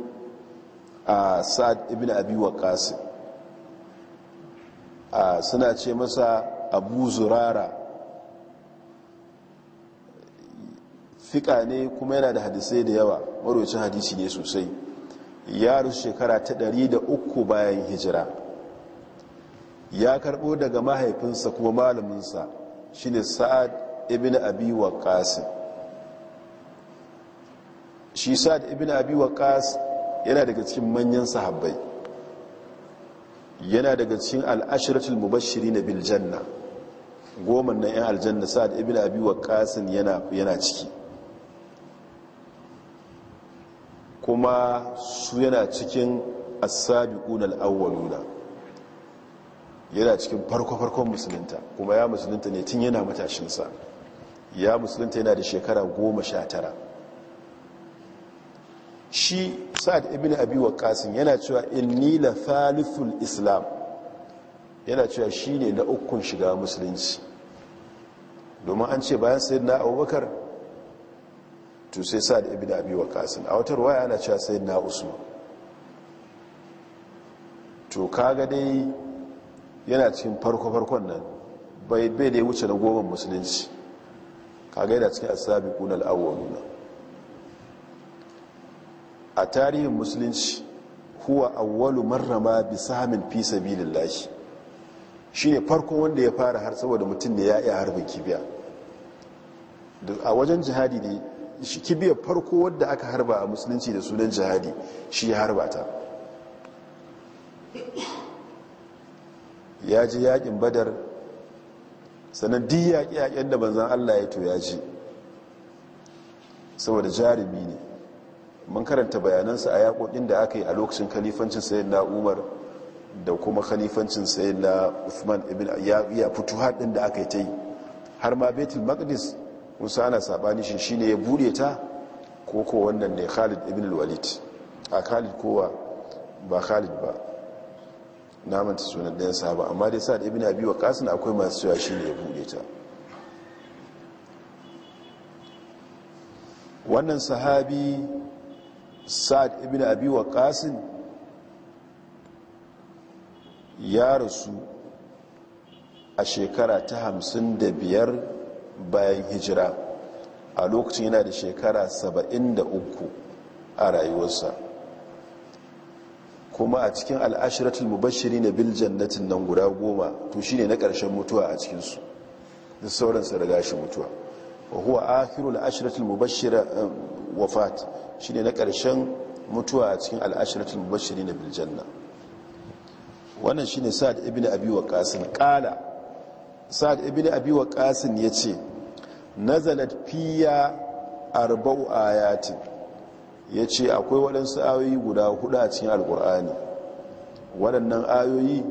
sa'ad ibn abi waqas suna ce masa abu zurara fiƙa ne kuma yana da hadisai da yawa marocin hadisi ne sosai ya rusu shekara ta uku bayan hijira ya karɓo daga mahaifinsa kuma malaminsa shine sa'ad ibn abi waqas shi sa'ad ibn abi waqas yana daga cikin manyan sahabbai yana daga cikin al'ashiratul mubashiri na biljanna goma na 'yan aljanna sa'ad ibn abi waqas yana yana ciki kuma su yana cikin asabiqun al-awwaluna yana cikin farko-farkon musulunta kuma ya musulunta ne tun yana matashinsa ya musulunta yana da shekara goma sha tara shi sa'ad ibn abi waqasin yana cewa inni la islam yana cewa shine na ukun shiga musulunci domin an ce bayan sayyidina abubakar to sai da ibn abi kasin a wata waya ana cewa na usman to kaga dai yana cikin farko farkon nan bai bai da wuce na goma musulunci kaga yana cikin asabi sabiqun al a tarihin musulunci huwa awwalu marrama bi sahamin fi sabilillah shine farko wanda ya fara har saboda mutum ne ya iya harbin kibiya a wajen jihadi ne kibiyar farko wadda aka harba a musulunci da sunan jihadi shi ya harba ta ya ji yaƙin badar sanadin yaƙi-yaƙen da manzan allah ya to ya ji saboda jarumi ne mun karanta bayanansa a yaƙoƙin da aka yi a lokacin kalifancin sayin na umar da kuma kalifancin sayin na usman ibn ya fito haɗin da aka yi ta yi har ma betul maqdis musa ana sabani shi ne ya bude ta ko ko wannan ne khalid ibn walid a khalid kowa ba khalid ba na manta sunan ɗayan saba amma dai sa'ad ibn abi waqas na akwai masu cewa ne ya bude ta wannan sahabi sa'ad ibn abi waqas ya rasu a shekara ta hamsin da biyar. bayan hijira a lokacin yana da shekara 73 a rayuwarsa kuma a cikin al'ashiratul mubashiri na biljan na nan guda goma to shi ne na ƙarshen mutuwa a cikinsu da sauransa riga shi mutuwa wa huwa akhirul ashiratul mubashira eh, wafat shine na ƙarshen mutuwa a cikin al'ashiratul mubashiri na biljan na. wannan shine sa'ad ibn abi waqas qala sa'ad ibn abi waqas yace nazalat fiya arba'u ayati ya ce akwai waɗansu ayoyi guda hudu a cikin alkur'ani waɗannan ayoyi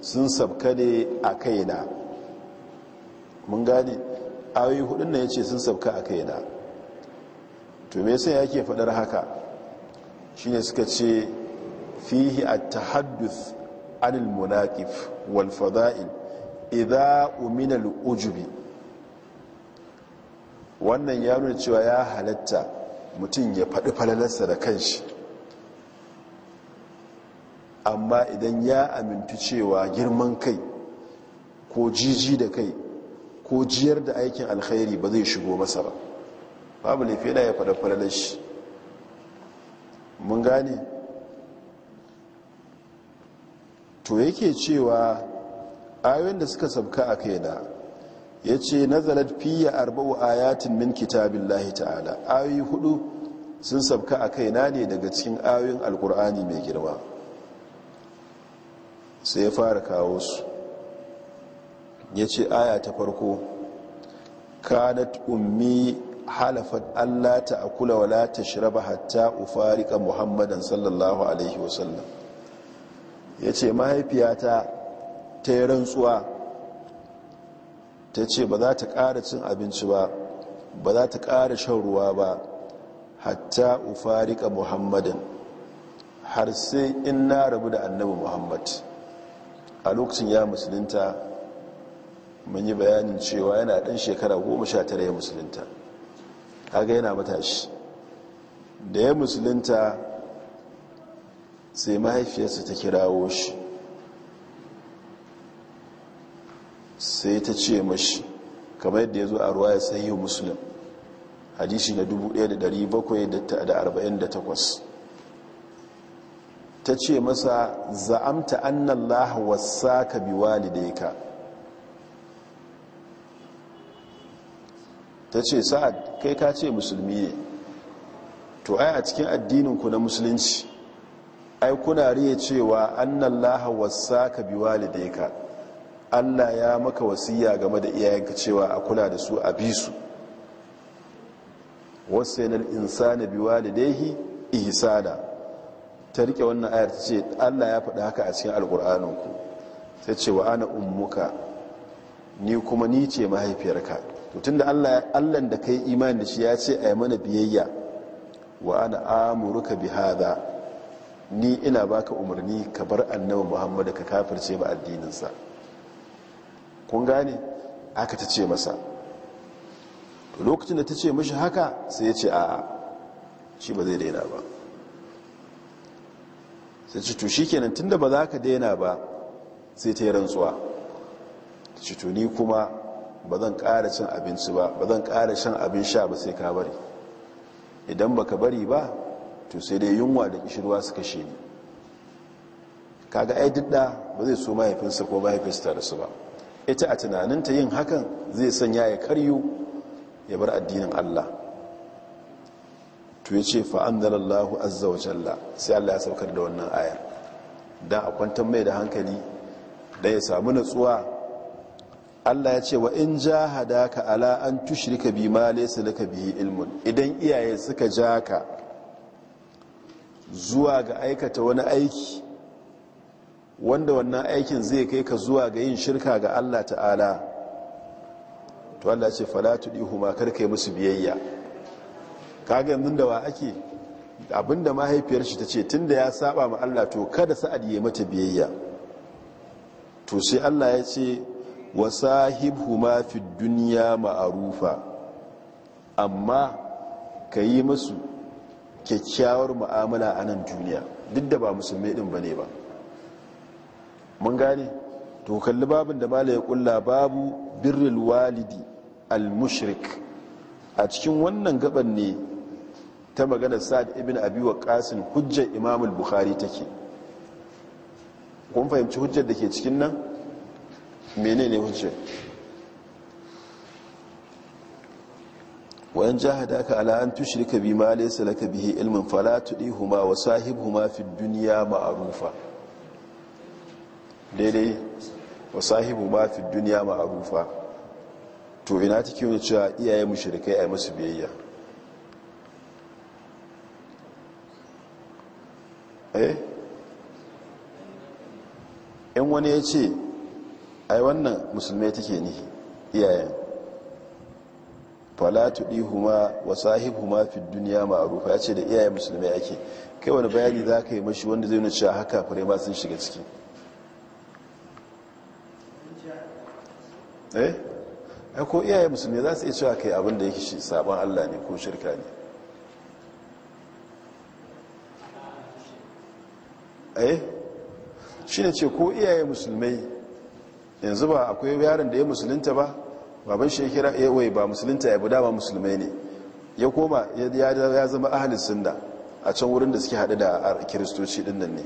sun sabka ne a kaina mun gane ayoyi hudun na ya ce sun sabka a kaina to me sai yake faɗar haka shine suka ce fihi at-tahadduth anil munaqif wal fada'il idha umina ujubi wannan ya nuna cewa ya halatta mutum ya faɗi falalarsa da kanshi amma idan ya amintu cewa girman kai ko jiji da kai ko jiyar da aikin alkhairi ba zai shigo masa ba babu laifi yana ya faɗa falalar mun gane to yake cewa ayoyin da suka sabka a kai da ya ce nazalat fiye arba'u ayatin min kitabin lahi ta'ala ayoyi hudu sun sabka a kaina ne daga cikin ayoyin alkur'ani mai girma sai ya fara kawo su ya ce aya ta farko kanat ummi halafat allah ta akula wala ta shiraba hatta ufarika muhammadan sallallahu alaihi wasallam ya ce mahaifiyata ta yi rantsuwa ta ce ba za ta ƙara cin abinci ba ba za ta ƙara shan ruwa ba hatta ufarika muhammadin har sai in na rabu da annabi muhammad a lokacin ya musulunta mun yi bayanin cewa yana ɗan shekara goma sha tara ya musulunta kaga yana matashi da ya musulunta sai mahaifiyarsa ta kirawo shi sai ta ce mashi kamar yadda ya zo a ruwa ya sahihu musulun, hadishi na 1748 ta ce masa za'amta annan lahawar ka bi walidayka ta ce sa'ad kai ka ce musulmi ne to ai a cikin addininku na musulunci ai kuna riye cewa annan lahawar ka bi walidayka allah ya maka wasiya game da iyayenka cewa a kula da su a bisu wasu yanar insani biwa da daihi ihisada ta rike wannan ayar ta ce allah ya faɗi haka a cikin alkur'aninku sai ce wa ana ummuka ni kuma ni ce mahaifiyarka tutun da allah da ka yi imani da shi ya ce a yi mana biyayya wa ana amurka bi hada ni ina baka umarni ka bar annabi Muhammadu ka kafirce ba addininsa kun gane aka ta ce masa to lokacin da ta ce mashi haka sai ya ce a'a shi ba zai daina ba sai ce to shi kenan tunda ba za ka daina ba sai ta yi rantsuwa ta ce to ni kuma ba zan ƙara cin abinci ba ba zan ƙara shan abin sha ba sai ka bari idan ba ka bari ba to sai dai yunwa da kishirwa su kashe ni kaga ai duk da ba zai so mahaifinsa ko mahaifinsa da su ba ita a tunaninta yin hakan zai sanya ya karyo ya bar addinin Allah to ya ce fa'andalallahu azza wa jalla sai Allah ya saukar da wannan ayar don a kwantar mai da hankali da ya samu natsuwa Allah ya ce wa in ja hadaka ala an tushirka bi ma da laka bi ilmun idan iyaye suka ja ka zuwa ga aikata wani aiki wanda wannan aikin zai kai ka zuwa ga yin shirka ga Allah ta'ala to Allah ce fala tudihu ma karkai musu biyayya kaga yanzu da wa ake abinda mahaifiyar shi tace tunda ya saba ma Allah to kada sa'ad ya mata biyayya to sai Allah ya ce wasahibhuma fid dunya maarufa, amma ka yi musu kyakkyawar mu'amala a nan duniya duk da ba musulmi din bane ba, ne ba. mun gane to kalli babin da mala ya kulla babu birrin walidi al-mushrik a cikin wannan gaban ne ta maganar sa'ad ibn abi waqas hujjar imam al-bukhari take kun fahimci hujjar da ke cikin nan menene hujjar wayan ka ala an tushrika ma laysa laka bihi ilmun fala tudihuma wa sahibhuma fid dunya ma'rufa daidai wa sahibu ba fi duniya ma'arufa to ina cikin wani cewa iyayen mashirikai a masu biyayya eh in wani ya ce ai wannan musulmai take ni iyayen fala tudihuma wa sahibuhuma fi ma'arufa ya ce da iyayen musulmai ake kai wani bayani za ka yi mashi wanda zai nuna cewa haka fure masu sun shiga ciki eh ko iyaye musulmi za su iya cewa kai abin da yake shi sabon Allah ne ko shirka ne eh shi ne ce ko iyaye musulmai yanzu ba akwai yaron da ya musulunta ba baban shekira ya eh, ba musulunta ya buda ba musulmai ne ya koma ya zama ahalin sunna a can wurin da suke hadu da kiristoci dinnan ne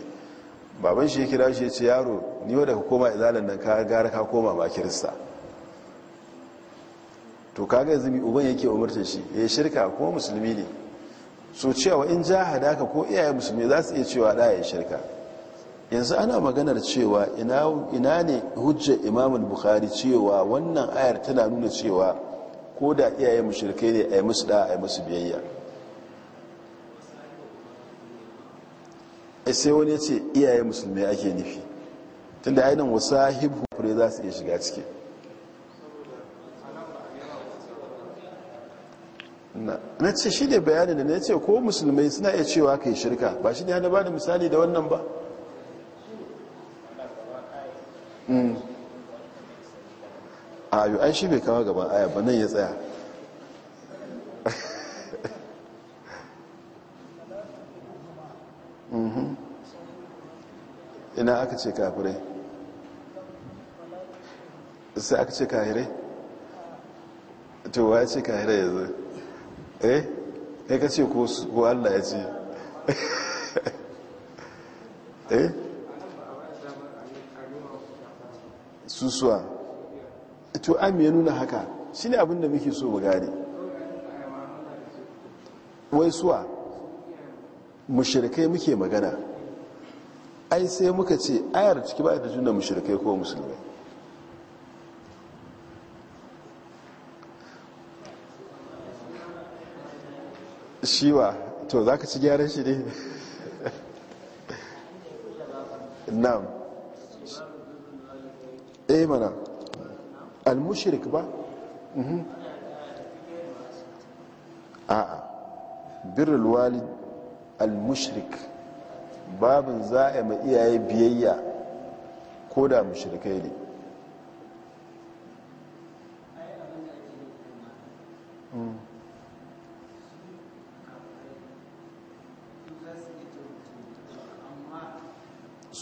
baban shekira shi ce yaro ni wadda ka koma izalin nan ka gara ka koma ma kirista to kaga yanzu mai uban yake umarta shi ya eh, shirka ko musulmi ne so cewa in jahada ka ko iyaye musulmi za su iya cewa da ya shirka yanzu ana maganar cewa ina ne hujjar imamul bukari cewa wannan ayar tana nuna cewa ko da iyaye mushrikai ne a yi musu da a yi musu biyayya sai wani ya ce iyaye musulmi ake nufi tunda ainihin wasu hibhu fure za su iya shiga ciki na ce shi ne bayanin da na ce ko musulmai suna iya cewa ka yi shirka ba shi ne ya ba da misali da wannan ba hmm. a yi an shi bai kawo gaban aya ba nan ya tsaya [LAUGHS] mhm. ina aka ce kafirai sai aka ce kahirai to ya ce kahirai yanzu eh ya kace ko ko allah ya ce [LAUGHS] eh susuwa to am ya nuna haka shi ne abinda muke so mu gane wai suwa mushirikai muke magana ai sai muka ce ayar ciki ba ta juna mushirikai ko musulmai shiwa to za ka ci gyaran shi ne Nan, e eh, mana al-mushrik ba mhm. a'a birrul walid al-mushrik babin za a ma iyaye biyayya ko da mushirikai ne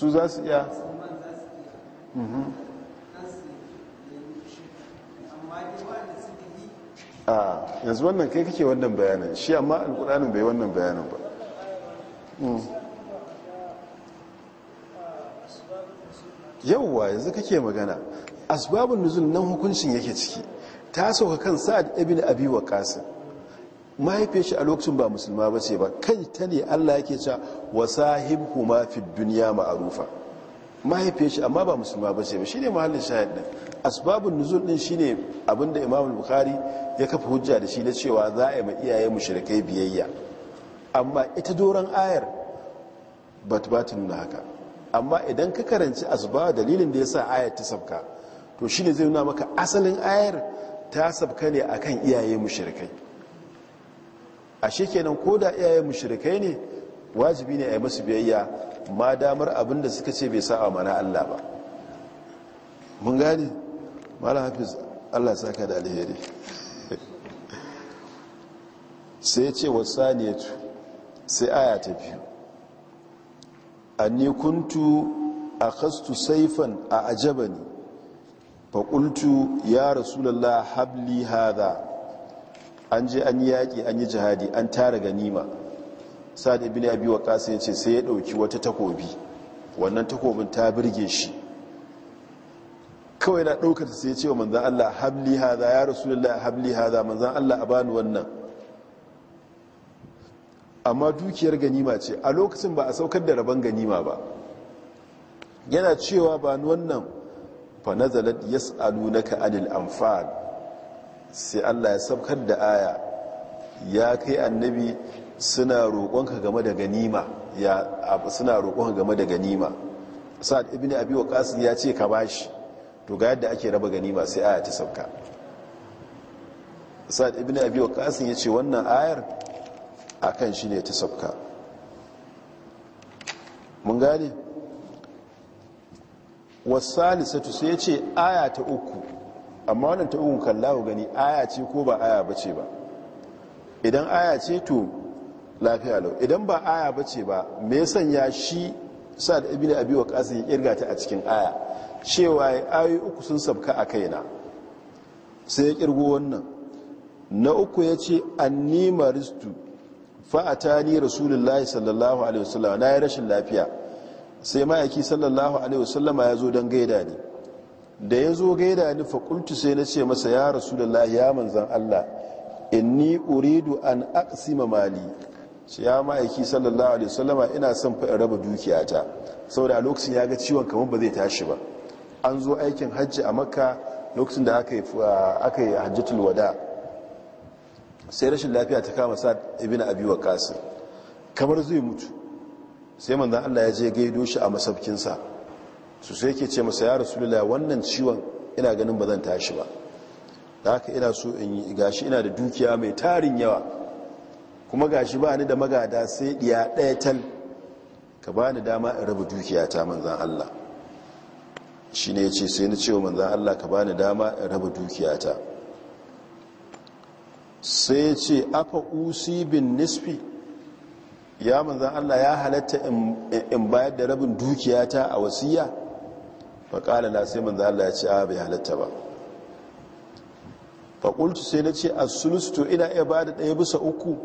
su za su iya mhm. a yanzu wannan kai kake wannan bayanin shi amma alkudanin bai wannan bayanin ba mm. yauwa yanzu kake magana asbabun nuzul nan hukuncin yake ciki ta sauka kan sa'ad ibn abi waqasim mahaifiyar shi a lokacin ba musulma ba ce ba kai ta ne allah yake sa wa sahib huma fi duniya ma'arufa mahaifiyar shi amma ba musulma ba ce ba shine mahallin shahid ɗin asibabin nuzul din shine abinda imam bukari ya kafa hujja da shi na cewa za a yi ma iyaye mushrikai biyayya amma ita doron ayar ba ta nuna haka amma idan ka karanci asba dalilin da ya sa ayar ta sabka to shine zai nuna maka asalin ayar ta sabka ne akan iyaye mushirikai a kenan ko da iyayen mushirikai ne wajibi ne a yi masu biyayya ma damar abin da suka ce bai a mana Allah ba mun gani malam hafiz Allah sa ka da alheri [LAUGHS] sai ce tu sai aya ta biyu anni kuntu kastu saifan a ajabani fa qultu ya rasulallah habli hada. an je an yi yaƙi an yi jihadi an tara ganima sa'ad ibn abi waqas ya ce sai ya ɗauki wata takobi wannan takobin ta birge shi kawai na ɗaukar sai ya ce wa manzan Allah habli haza ya rasulullah habli haza manzan Allah a bani wannan amma dukiyar ganima ce a lokacin ba a saukar da rabon ganima ba yana cewa ba wannan fa nazalat yas'alunaka anil anfal sai Allah ya saukar da aya ya kai annabi suna roƙonka game da ganima ya suna roƙonka game da ganima sa'ad ibn abi waqas ya ce ka bashi to ga yadda ake raba ganima sai aya ta sauka sa'ad ibn abi waqas ya ce wannan ayar akan shi ne ta sauka mun gane wasalisatu sai ya ce aya ta uku amma wannan ta uku kallahu gani aya ce ko ba aya bace ba idan aya ce to lafiya lau idan ba aya bace ba me ya sanya shi sa'ad ibn abi waqas ya kirga ta a cikin aya cewa ayoyi uku sun sabka a kai na sai ya kirgo wannan na uku ya ce anni maristu fa'atani rasulullahi sallallahu alaihi wasallam na yi rashin lafiya sai ma'aiki sallallahu alaihi wasallama ya zo don gaida ne da ya zo gaida ni fakultu sai na ce masa ya rasu da lahiya manzan Allah inni uridu an aksima mali sai ya ma'aiki sallallahu alaihi wasallama ina son fa'in raba dukiyata saboda lokacin ya ga ciwon kamar ba zai tashi ba an zo aikin hajji a makka lokacin da aka yi uh, hajjatul wada sai rashin lafiya ta kama sa ibn abi waqas kamar zai mutu sai manzan Allah ya je gaido shi a sa. su sai ke ce masa ya rasu rasulullah wannan ciwon ina ganin ba zan tashi ba da haka ina so in yi gashi ina da dukiya mai tarin yawa kuma gashi ba ni da magada sai ɗiya ɗaya tal ka ba ni dama in raba dukiya ta manzan Allah shi ne ce sai na cewa manzan Allah ka ba ni dama in raba dukiya ta sai ce afa usi bin nisfi ya manzan Allah ya halatta in bayar da rabin dukiya ta a wasiya faƙala na sai manzo Allah ya ce a bai halatta ba faƙultu sai na ce a sulusto ina iya ba da ɗaya bisa uku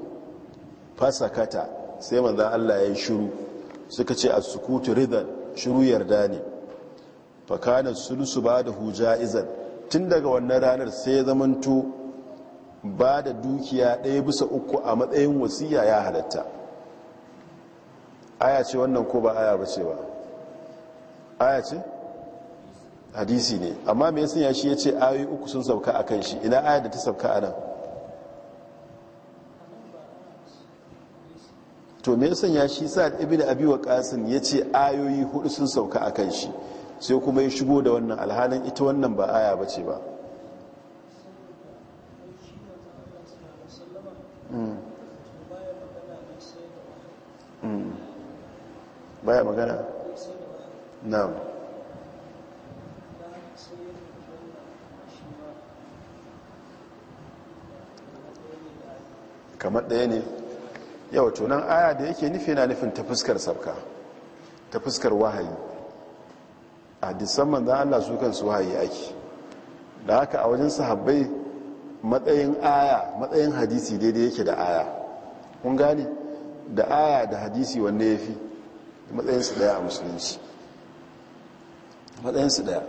fasakata sai manzo Allah ya yi shiru suka ce a sukutu ridan shiru yarda ne faƙanar sulusu ba da huja izan tun daga wannan ranar sai ya zamanto ba da dukiya ɗaya bisa uku a matsayin wasiya ya halatta aya ce wannan ko ba aya ba ce ba aya ce? hadisi ne amma mai sanya shi ya ce ayoyi uku sun sauka a kan shi ina ayar da ta sauka a nan to mai sanya shi sa'ad da abi kasin ya ce ayoyi hudu sun sauka a kan shi sai kuma ya shigo da wannan alhalin ita wannan ba aya ba ce ba hmm. Hmm. baya magana na'am kamar ɗaya ne yawa tunan aya da yake nufi na nufin ta fuskar sabka ta fuskar wahayi a disamman da allah su kan su wahayi ake da haka a wajen sahabbai matsayin aya matsayin hadisi daidai yake da aya kun gane da aya da hadisi wanda ya fi matsayinsu daya a musulunci matsayinsu daya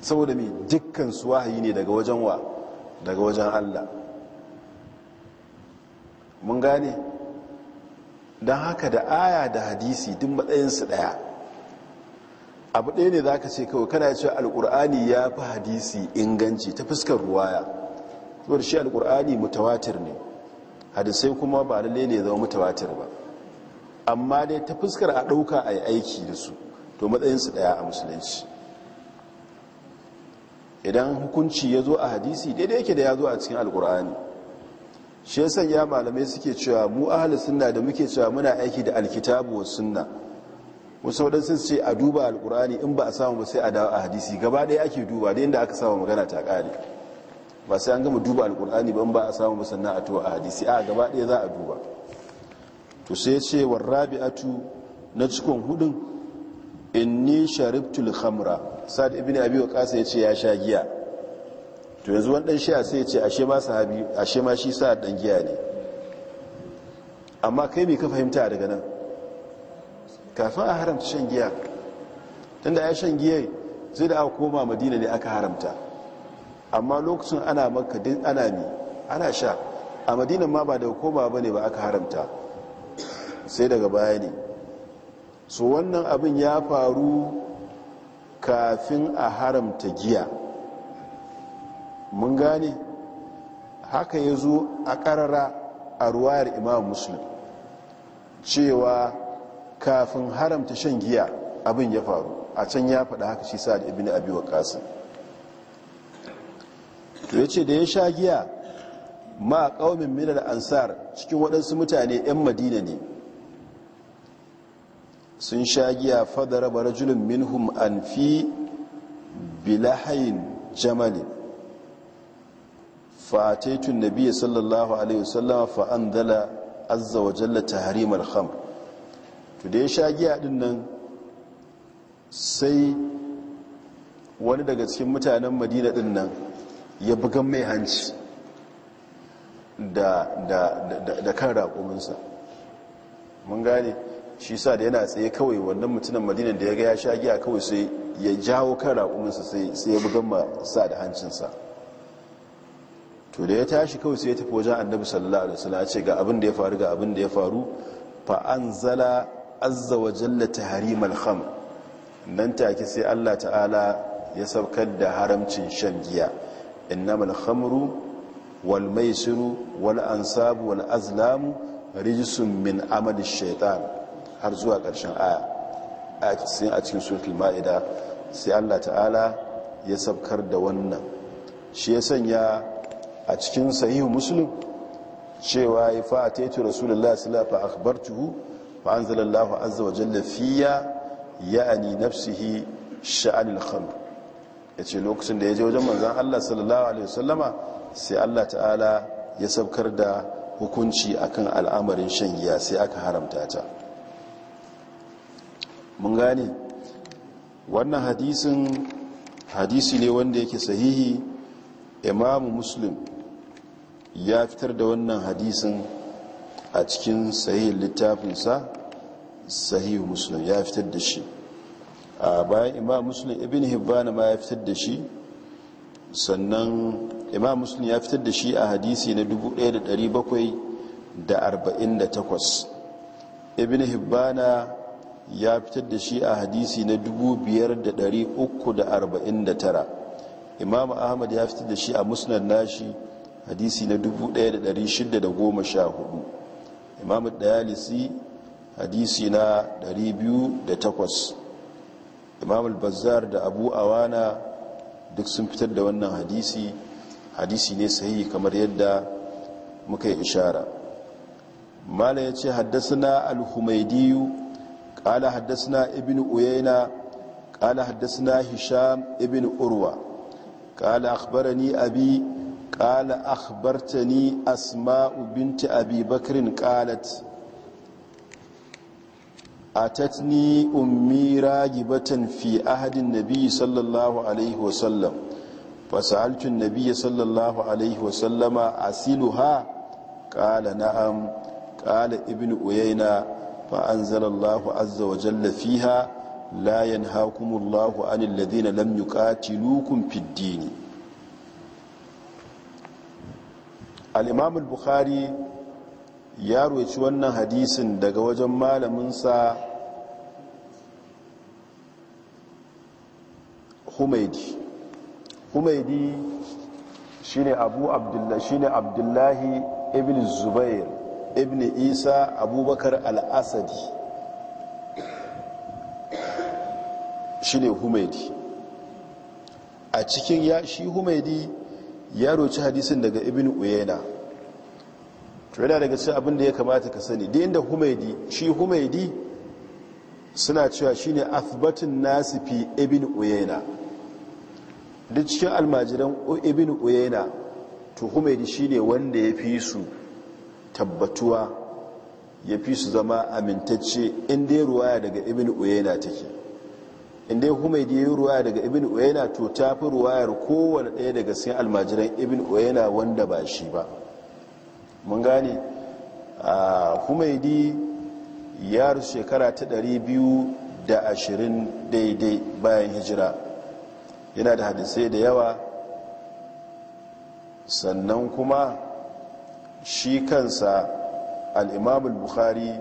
saboda mai dukkan su wahayi ne daga wajen wa daga wajen allah mun gane don haka da aya da hadisi duk matsayinsu daya abu ɗaya ne za ka ce kawai kana cewa alƙur'ani ya fi hadisi inganci ta fuskar ruwaya wadda shi alƙur'ani mutawatir ne hadisai kuma ba lalle ne zama mutawatir ba amma dai ta fuskar a ɗauka a yi aiki da su to matsayinsu ɗaya a musulunci idan hukunci ya zo a hadisi daidai yake da ya zo a cikin alƙur'ani shi ya sanya malamai suke cewa mu ahalin sunna da muke cewa muna aiki da alkitabu wa sunna wasu waɗansu ce a duba alkur'ani in ba a samu ba sai a dawo a hadisi gaba ɗaya ake duba da yadda aka samu magana ta ƙare ba sai an gama duba alkur'ani ba in ba a samu ba sannan a towa a hadisi a gaba ɗaya za a duba to sai ce war rabi'atu na cikon hudun inni sharibtul khamra sa'ad ibn abi waqas ya ce ya sha giya to yanzu wani dan shi'a sai ya ce ashe ma sahabi ashe ma shi sa'ad dan giya ne amma kai me ka fahimta daga nan kafin a haramta shan giya tunda ya shan giya sai da aka koma madina ne aka haramta amma lokacin ana makka din ana ne ana sha a madina ma ba daga koma ba ne ba aka haramta sai daga baya ne so wannan abin ya faru kafin a haramta giya mun gane haka ya zo a ƙarara a ruwayar imam muslim cewa kafin haramta shan giya abin ya faru a can ya faɗa haka shi sa da ibi na abi waqas to ya ce da ya sha giya ma a ƙaunin minar ansar cikin waɗansu mutane 'yan madina ne sun sha giya fadara barajulun minhum an fi bilahayin jamanin taitun nabiya sallallahu alaihi wasallama fa'an dala azza wa jalla harimar ham to da ya sha giya din nan sai wani daga cikin mutanen madina din nan ya bugan mai hanci da kan raƙuminsa mun gane shi sa da yana tsaye kawai wannan mutunan madinan da ya ga ya sha giya kawai sai ya jawo kan raƙuminsa sai ya bugan ma sa da hancinsa to da ya tashi kawai sai ya tafi wajen annabi sallallahu alaihi wasallam ya ce ga abin da ya faru ga abin da ya faru fa anzala azza wa jalla tahrimal khamr nan take sai Allah ta'ala ya saukar da haramcin shan giya innamal khamru wal maisiru wal ansabu wal azlamu rijsun min amali shaitan har zuwa karshen aya a cikin suratul ma'ida sai Allah ta'ala ya saukar da wannan shi ya sanya a cikin sahihu muslim cewa ya fa ta rasulullah sallallahu alaihi akhbartuhu fa anzalallahu azza wa jalla fiya ya'ni nafsihi al khamr yace lokacin da ya je wajen manzon Allah sallallahu alaihi wasallama sai Allah ta'ala ya saukar da hukunci akan al'amarin shan giya sai aka haramta ta mun gane wannan hadisin hadisi ne wanda yake sahihi imamu muslim ya fitar da wannan hadisin a cikin sahihin littafinsa sahih muslim ya fitar da shi a bayan imam muslim ibn hibbana ma ya fitar da shi sannan imam muslim ya fitar da shi a hadisi na 1748 ibn hibbana ya fitar da shi a hadisi na 5349 imam ahmad ya fitar da shi a musnad nashi hadisi na 1614 imamu dayalisi hadisi na 208 imamu bazar da abu awana duk sun fitar da wannan hadisi hadisi ne sahihi kamar yadda muka yi ishara mala ya ce haddasa al-humaidiyu ƙala haddasa na ibn uyaina ƙala haddasa na hisham ibn urwa ƙala akbarani abi ƙala ni asma'u binti abi bakrin ƙalat atatni ummi ragibatan fi ahadin nabi sallallahu alaihi wasallam fasahalcin nabi sallallahu alaihi wasallama asiluha ƙala na'am ƙala ibn uyaina fa'anzalallahu azza wa jalla fiha la yanhakumullahu anil ladina lam yuqatilukum fid dini al'imamul bukhari ya roci wannan hadisin daga wajen malaminsa humaydi shi shine abu abdullahi shine abdullahi ibn zubair ibn isa abubakar al-asadi shine humaydi a cikin ya shi humaidi ya roci hadisin daga ibn uyena to yana daga cikin abinda ya kamata ka sani da inda humaidi shi humaidi suna cewa shine ne nasi fi ibn uyena duk cikin almajiran ibn uyena to humaidi ne wanda ya fi su tabbatuwa ya fi su zama amintacce inda ya ruwaya daga ibn uyena take inda kuma da yi ruwaya daga ibn uyayna to ta fi ruwayar kowane ɗaya daga sai almajiran ibn uyayna wanda ba shi ba mun gane a humaidi ya rusu shekara ta 220 daidai bayan hijira yana da hadisai da yawa sannan kuma shi kansa al'imamul bukhari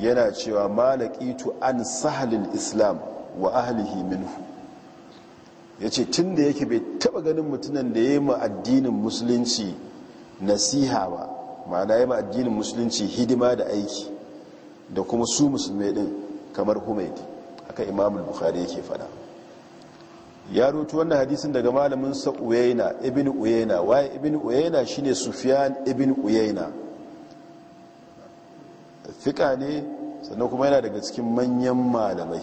yana cewa malakitu an sahalin islam wa ahlihi minhu ya ce tun da yake bai taba ganin mutunan da ya yi ma addinin musulunci nasiha ba ma'ana ya yi addinin musulunci hidima da aiki da kuma su musulmai din kamar humaid haka imamul bukhari yake fada ya rotu wannan hadisin daga malamin sa uyaina ibn uyaina waye ibn uyaina shine sufyan ibn uyaina fika ne sannan kuma yana daga cikin manyan malamai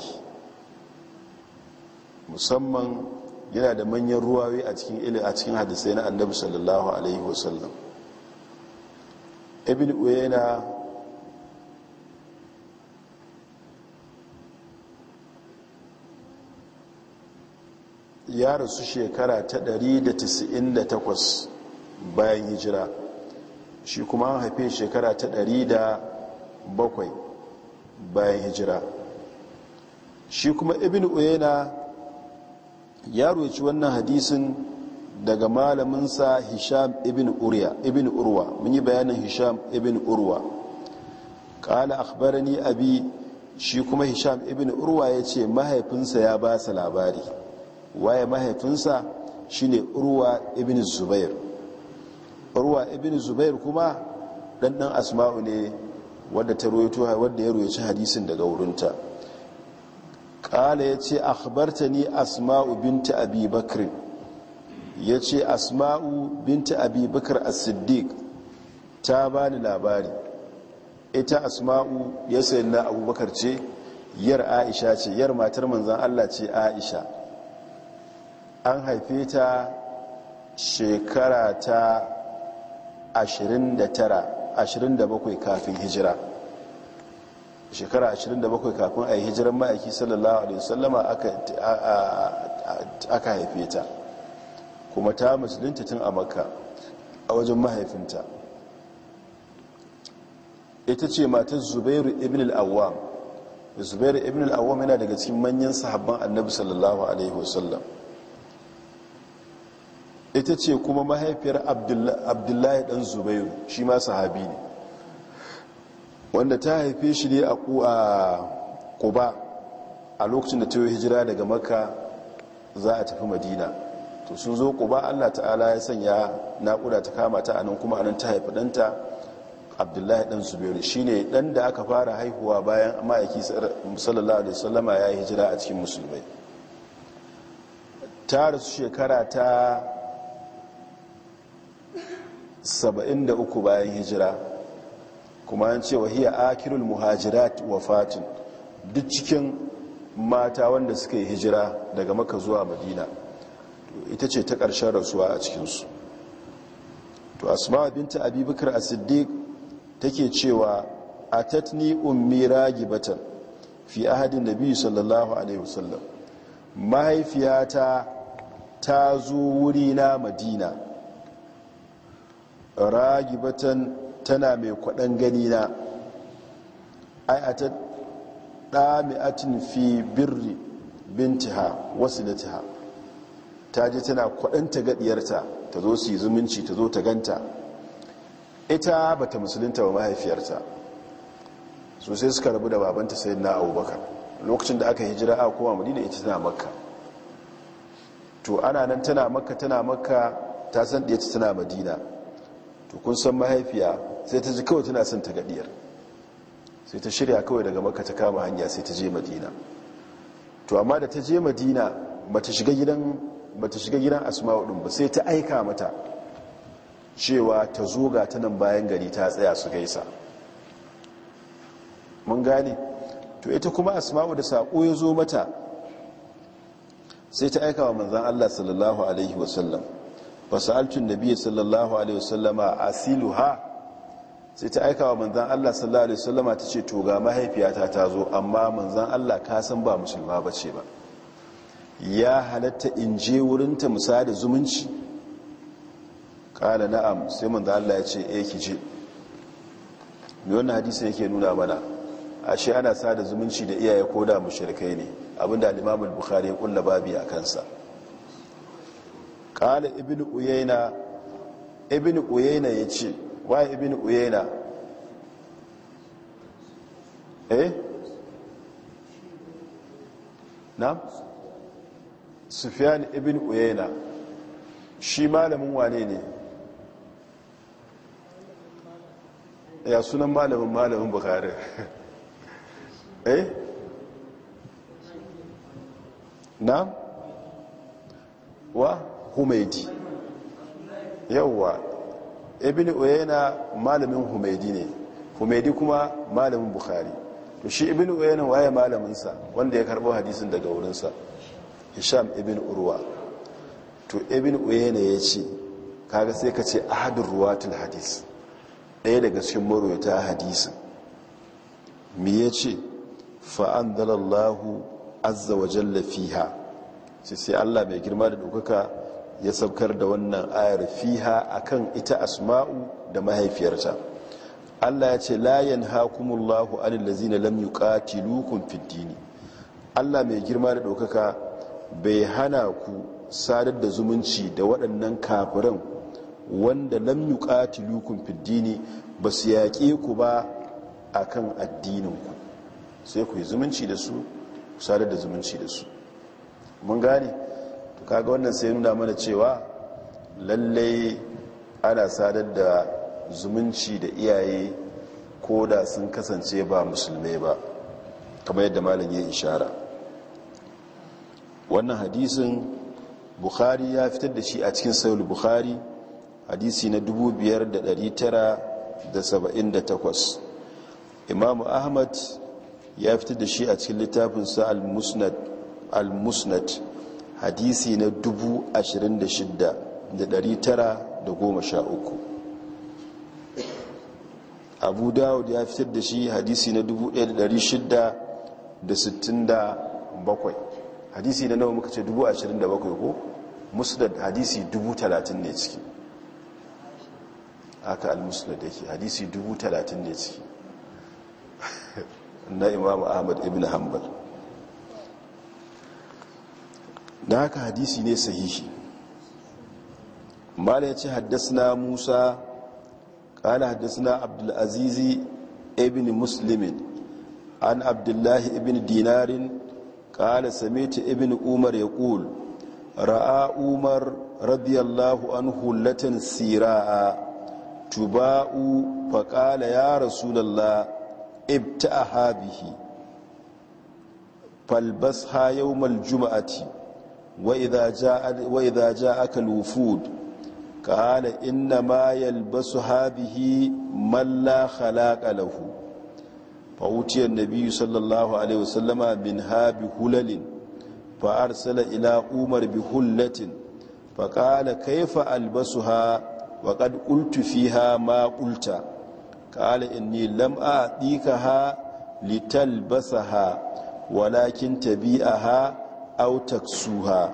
musamman yana da manyan ruwawi a cikin ili a cikin hadisai na annabi sallallahu alaihi wasallam ibn uyayna ya rasu shekara ta 198 bayan hijira shi kuma an haife shekara ta 107 bayan hijira shi kuma ibn uyayna ya roci wannan hadisin daga malaminsa hisham ibn uriya ibn urwa mun yi bayanin hisham ibn urwa kala akhbarani abi shi kuma hisham ibn urwa ya ce mahaifinsa ya ba sa labari waye mahaifinsa shine urwa ibn zubair urwa ibn zubair kuma ɗanɗan asma'u ne wadda ta wadda ya roci hadisin daga wurinta ƙala ya ce akhbarta ni asma'u binta abi bakr ya ce asma'u binta abi bakr as-siddiq ta ba ni labari ita asma'u ya sayi na abubakar ce yar aisha ce yar matar manzan allah ce aisha an haife ta shekara ta 29 27 kafin hijira shekara 27 kafin a yi hijiran ma'aiki sallallahu alaihi wasallama aka haife ta kuma ta musulunta tun a makka a wajen mahaifinta ita ce matar zubairu ibn al'awwam zubairu ibn al'awwam yana daga cikin manyan sahabban annabi sallallahu alaihi wasallam ita ce kuma mahaifiyar abdullahi dan zubairu shi ma sahabi ne wanda ta haife shi ne a kuba a lokacin da ta yi hijira daga maka za a tafi madina to sun zo kuba allah ta'ala ya sanya naƙuda ta kama ta anan kuma anan ta haifi ɗanta abdullahi ɗan zubairu shi ne ɗan da aka fara haihuwa bayan ma'aiki sallallahu alaihi wasallama ya yi hijira a cikin musulmai ta rasu shekara ta 73 bayan hijira kuma an ce wahiya akirul muhajirat wafatin duk cikin mata wanda suka yi hijira daga maka zuwa madina ita ce ta ƙarshen rasuwa a cikinsu to asma binta abubakar a siddiq take cewa a tatni ummi ragibatan fi ahadin biyu sallallahu alaihi wasallam mahaifiyata ta zo wuri na madina batan. tana mai kwaɗan gani na ai a ta ɗami'atin fi birri bintiha wasu na tiha ta ji tana kwaɗanta gaɗiyarta ta zo su yi zumunci ta zo ta ganta ita ba ta musulinta ba mahaifiyarta sosai suka rabu da babanta sai na abubakar lokacin da aka hijira a kowa madina ita tana makka to ana nan tana makka tana makka ta san ɗaya tana madina to kun san mahaifiya sai ta ji kawai tana son ta gaɗiyar sai ta shirya kawai daga maka ta kama hanya sai ta je madina to amma da ta je madina bata shiga gidan shiga gidan asma'u din ba sai ta aika mata cewa ta zo ga ta nan bayan gari ta tsaya su gaisa mun gane to ita kuma asma'u da saƙo ya zo mata sai ta aika wa manzan Allah sallallahu alaihi wasallam da nabiyyi sallallahu alaihi wasallama ha. sai ta aika wa manzan Allah sallallahu alaihi wasallama ta ce to ga mahaifiyata ta zo amma manzan Allah ka san ba musulma ba ce ba ya halatta in je wurinta da zumunci kala na'am sai manzan Allah ya ce eh ki je me wannan hadisi yake nuna mana ashe ana sa da zumunci da iyaye ko da mushrikai ne abinda al al-Bukhari ya kulla babi a kansa kala ibnu uyayna ibnu ya yace wa ibn uyena eh na sufyan ibn uyena shi malamin wane ne ya sunan malamin malamin Bukhari. [LAUGHS] eh na wa humaydi yawwa ibn uyayna malamin humaidi ne humaidi kuma malamin bukhari to shi ibn uyayna waye malamin sa wanda ya karbo hadisin daga wurin sa hisham ibn urwa to ibn uyayna yace kaga sai ka ce ahadur ruwatul hadis ɗaya daga cikin marwayata hadisin me yace fa anzalallahu azza wa jalla fiha sai Allah mai girma da dokaka ya saukar da wannan ayar fiha akan ita asma'u da mahaifiyarta Allah ya ce layan hakumullahu anil lazina lam yuqatilukum fid din Allah mai girma da ɗaukaka bai hana ku sadar da zumunci da waɗannan kafiran wanda lam yuqatilukum fid din ba su yaƙe ku ba akan addininku sai ku yi zumunci da su sadar da zumunci da su mun gane kaga wannan sai nuna mana cewa lallai ana sadar da zumunci da iyaye ko da sun kasance ba musulmai ba kamar yadda malam ya ishara wannan hadisin bukhari ya fitar da shi a cikin sayul bukhari hadisi na 5978 imamu ahmad ya fitar da shi a cikin littafin al al-musnad hadisi na 26913 abu dawud ya fitar da shi hadisi na 1667 hadisi na nawa muka ce 27,000 ko musnad hadisi 30,000 ne ciki aka al-musnad yake hadisi 30,000 ne ciki [LAUGHS] na imamu ahmad ibn hanbal da haka hadisi ne sahihi mala ya ce haddasa musa ƙala haddasa abdulazizi ibn muslimin an abdullahi ibn dinarin ƙala samita ibn umar ya ƙul ra'a umar radiyallahu an hulatin sira'a tuba'u faƙala ya rasulallah ibta a habihi falbas ha yau mal وإذا جاءك الوفود قال إنما يلبس هذه من لا خلاق له فأوتي النبي صلى الله عليه وسلم منها بهلل فأرسل إلى أمر بهلة فقال كيف ألبسها وقد قلت فيها ما قلت قال إني لم أعطيكها لتلبسها ولكن تبيئها aw taksuha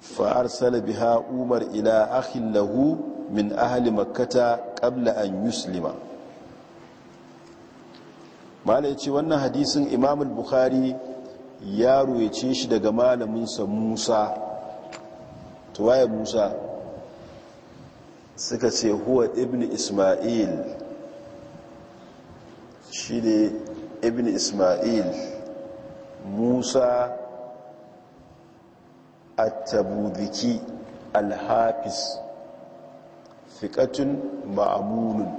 fa arsala biha umar ila akhin lahu min ahli makkata qabla an yuslima malai ce wannan hadisin imam bukhari ya ruwace shi daga malaminsa musa tuwaye musa suka ce huwa ibn isma'il shi ne isma'il musa attabudiki alhafis fiƙatun ma'amunin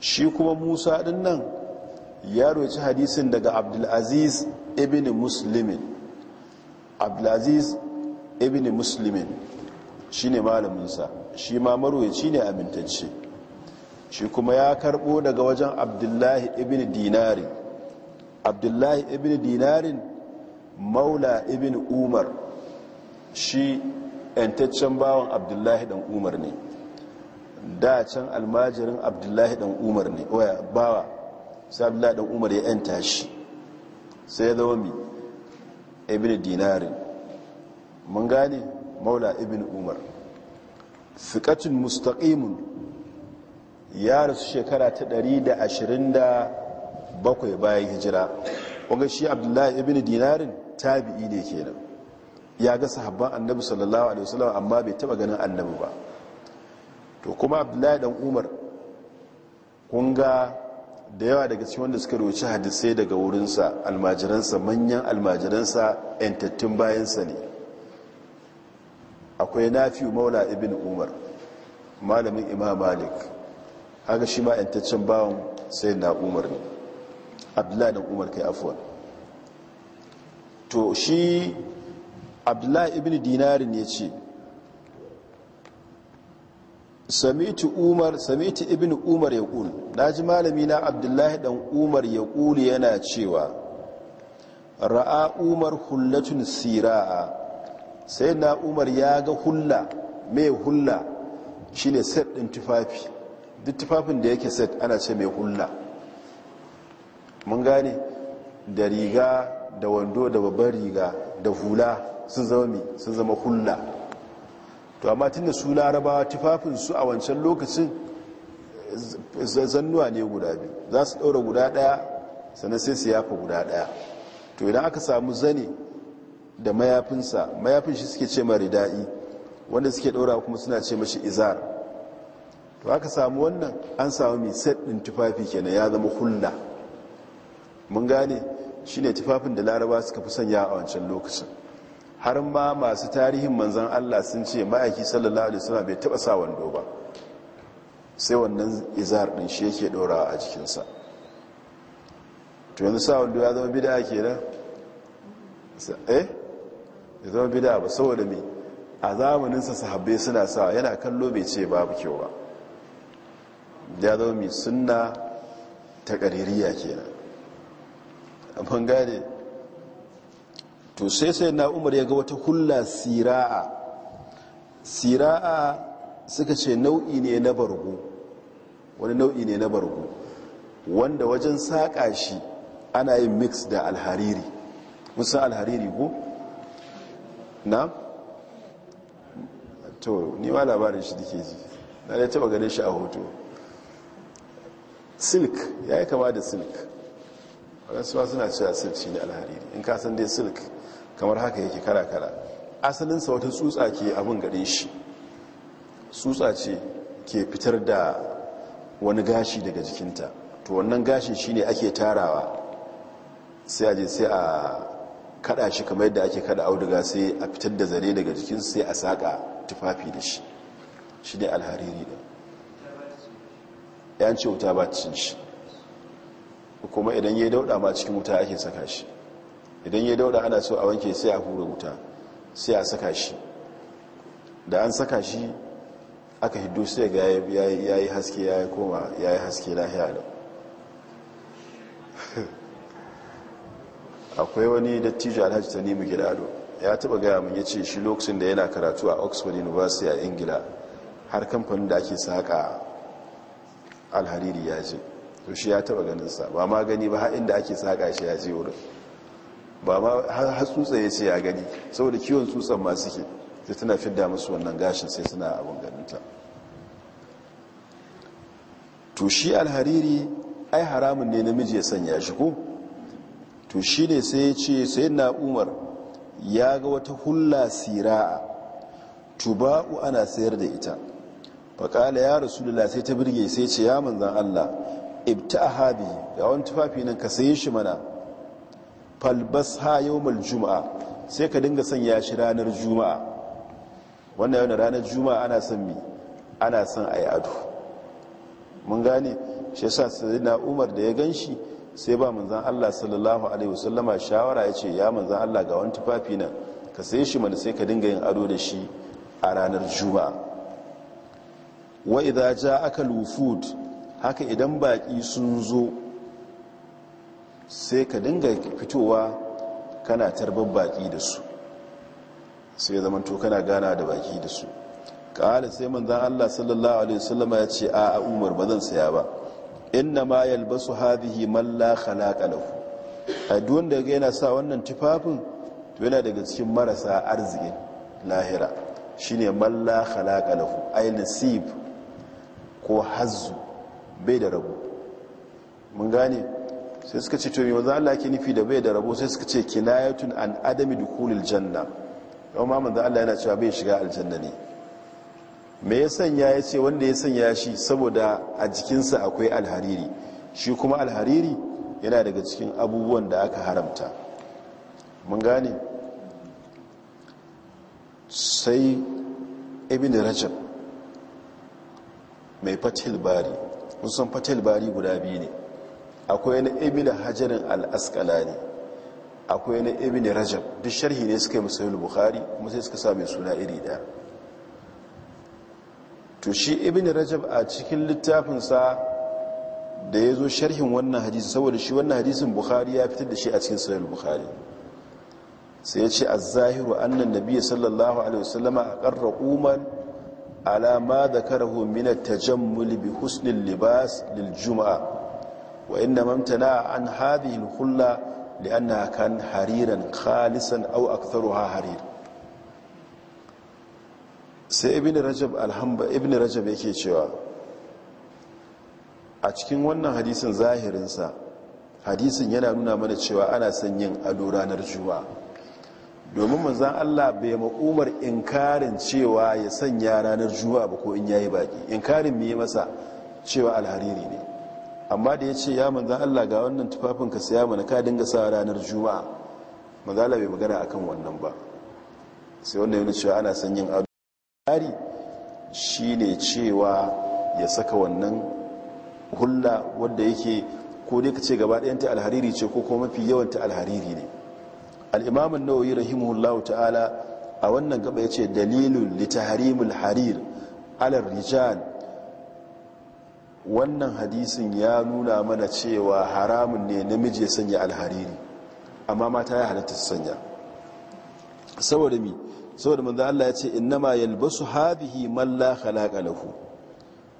shi kuma musa ɗin nan ya roci hadisin daga abdulaziz ibn muslimin abdulaziz ibn muslimin shi ne malaminsa shi ma marwaci ne amintacce shi kuma ya karbo daga wajen abdullahi ibn dinari abdullahi ibn dinarin maula ibn umar shi yantaccen bawan abdullahi dan umar ne da can almajirin abdullahi dan umar ne waya bawa sai abdullahi dan umar ya yanta shi sai ya zama mi ibn dinarin mun gane maula ibn umar fiƙatun mustaqimun ya rasu shekara ta 127 bayan hijira wanga shi abdullahi ibn dinarin tabi'i ne kenan ya ga sahabban annabi sallallahu alaihi wasallam amma bai taba ganin annabi ba to kuma abdullahi dan umar kun ga da yawa daga cikin wanda suka roci hadisai daga wurinsa almajiransa manyan almajiransa yantattun bayansa ne akwai nafi maula ibn umar malamin imam malik haka shi ma yantaccen bawan sai na umar ne abdullahi dan umar kai afuwa to shi abdullahi ibn dinarin ya ce samitu umar samitu ibn umar ya ƙul na ji malami na abdullahi dan umar ya ƙul yana cewa ra'a umar hullatun sira'a sai na umar ya ga hulla mai hulla shine set ɗin tufafi duk tufafin da yake set ana ce mai hula mun gane da riga da wando da babban riga da hula sun zama mai sun zama hula to amma da su larabawa tufafin su a wancan lokacin zannuwa ne guda biyu za su ɗaura guda ɗaya sannan sai su yafa guda ɗaya to idan aka samu zane da mayafinsa mayafin shi suke ce ma rida'i wanda suke ɗaura kuma suna ce mashi izar to aka samu wannan an samu mai ɗin tufafi kenan ya zama hulla mun gane shi ne tufafin da laraba suka fi sanya a wancan lokacin har ma masu tarihin manzan allah sun ce ma'aiki sallallahu alaihi wasallam bai taɓa sa wando ba sai wannan izar ɗin shi yake ɗorawa a jikinsa to yanzu sa wando ya zama bida kenan eh ya zama bida ba saboda mai a zamaninsa sahabbai suna sa yana kallo bai ce babu kyau ba ya zama mai sunna ta ƙaririya kenan abin gane to sai sai na umar ya ga wata hula sira'a sira'a suka ce nau'i ne na bargo wani nau'i ne na bargo wanda wajen saƙa shi ana yin mix da alhariri musa alhariri ko? na? to ni ma labarin shi da ji na ya taɓa gane shi a hoto silk ya yi kama da silk waɗansu suna cewa silk shi ne alhariri in ka san dai silk kamar haka yake kara-kara kala asalinsa wata tsutsa ke abin gare shi tsutsa ce ke fitar da wani gashi daga jikinta to wannan gashin shi ne ake tarawa sai a je sai a kada shi kamar yadda ake kada auduga sai a fitar da zare daga jikin sai a saka tufafi da shi shi ne alhariri da ya ce wuta ba cin shi kuma idan ya dauda ma cikin wuta ake saka shi idan ya dauda ana so a wanke sai a hura wuta sai a saka shi da an saka shi aka hiddo sai ga ya yi haske ya yi koma ya yi haske lahiya da [LAUGHS] akwai wani dattijo alhaji ta nemi gidado ya taba gaya mun ya ce shi lokacin da yana karatu a oxford university a ingila har kamfanin da ake saka alhariri ya je to shi ya taba ganinsa ba ma gani ba inda ake saka shi ya je wurin ba ma har tsutsa ya ce ya gani saboda kiwon tsutsan masu suke sai tana fidda musu wannan gashin sai suna abin ganinta to shi alhariri ai haramun ne namiji ya sanya shi ko to shi ne sai ya ce sai na umar ya ga wata hulla sira'a tuba'u ana sayar da ita faƙala ya da sai ta birge sai ce ya manzan allah ibta a habi ga wani tufafi nan ka sayi shi mana falbas ha yau mal juma'a sai ka dinga ya shi ranar juma'a wannan yau ranar juma'a ana son mi ana son a yi ado mun gane shi sa na umar da ya gan shi sai ba manzan allah sallallahu alaihi wasallama shawara ya ce ya manzan allah ga wani tufafi nan ka sayi shi mana sai ka dinga yin ado da shi a ranar juma'a wa idza ja'aka al-wufud haka idan baki sun zo sai ka dinga fitowa kana tarbar baki da su sai zaman to kana gana da baki da su sai manzon Allah sallallahu alaihi wasallama ya ce a Umar ba zan saya ba inna ma yalbasu hadhihi man la khalaqa lahu a duwan da yana sa wannan tufafin to yana daga cikin marasa arzikin lahira shine man la khalaqa lahu ay nasib ko hazzu bai da rabo mun gane sai suka ce to me wanzu Allah ke nufi da bai da rabo sai suka ce kinayatun an adami dukulil janna yau ma manzan Allah yana cewa bai shiga aljanna ne me ya sanya ya ce wanda ya sanya shi saboda a jikinsa akwai alhariri shi kuma alhariri yana daga cikin abubuwan da aka haramta mun gane sai ibn rajab mai fatil bari san fatil bari guda biyu ne akwai na ibn hajarin al-asqalani akwai na ibn rajab duk sharhi ne suka yi musayyul bukhari kuma sai suka sa mai suna iri daya to shi ibn rajab a cikin littafinsa da ya zo sharhin wannan hadisi saboda shi wannan hadisin bukhari ya fitar da shi a cikin sahih bukhari sai ya ce az-zahiru anna nabiyyi sallallahu alaihi wasallama aqarra umar. ala ma ka min at-tajammul bi husn al-libas lil juma'a. wa inna mamtana an hadhihi al-khulla li'annaha kan hariran khalisan aw aktharuha harir sai ibn rajab alhamba ibn rajab yake cewa a cikin wannan hadisin zahirinsa hadisin yana nuna mana cewa ana son yin ado ranar juma'a domin manzan Allah bai ma'umar inkarin cewa ya sanya ranar juma'a ba ko in yayi baki inkarin mai masa cewa alhariri ne amma da ya ce ya manzan Allah ga wannan tufafin ka saya mana ka dinga sa ranar juma'a manzan bai magana akan wannan ba sai wanda yana cewa ana san yin ado tsari ne cewa ya saka wannan hulla wadda yake ko dai ka ce gaba ɗayanta alhariri ce ko kuma mafi ta alhariri ne al'imamun nawayi rahimahullahu ta'ala a wannan gaba ya ce dalilun litaharimul harir alar rijal wannan hadisin ya nuna mana cewa haramun ne namiji ya sanya alhariri amma mata ya halatta su sanya saboda mi saboda manzan Allah ya ce ma yalbasu hadhihi man la khalaqa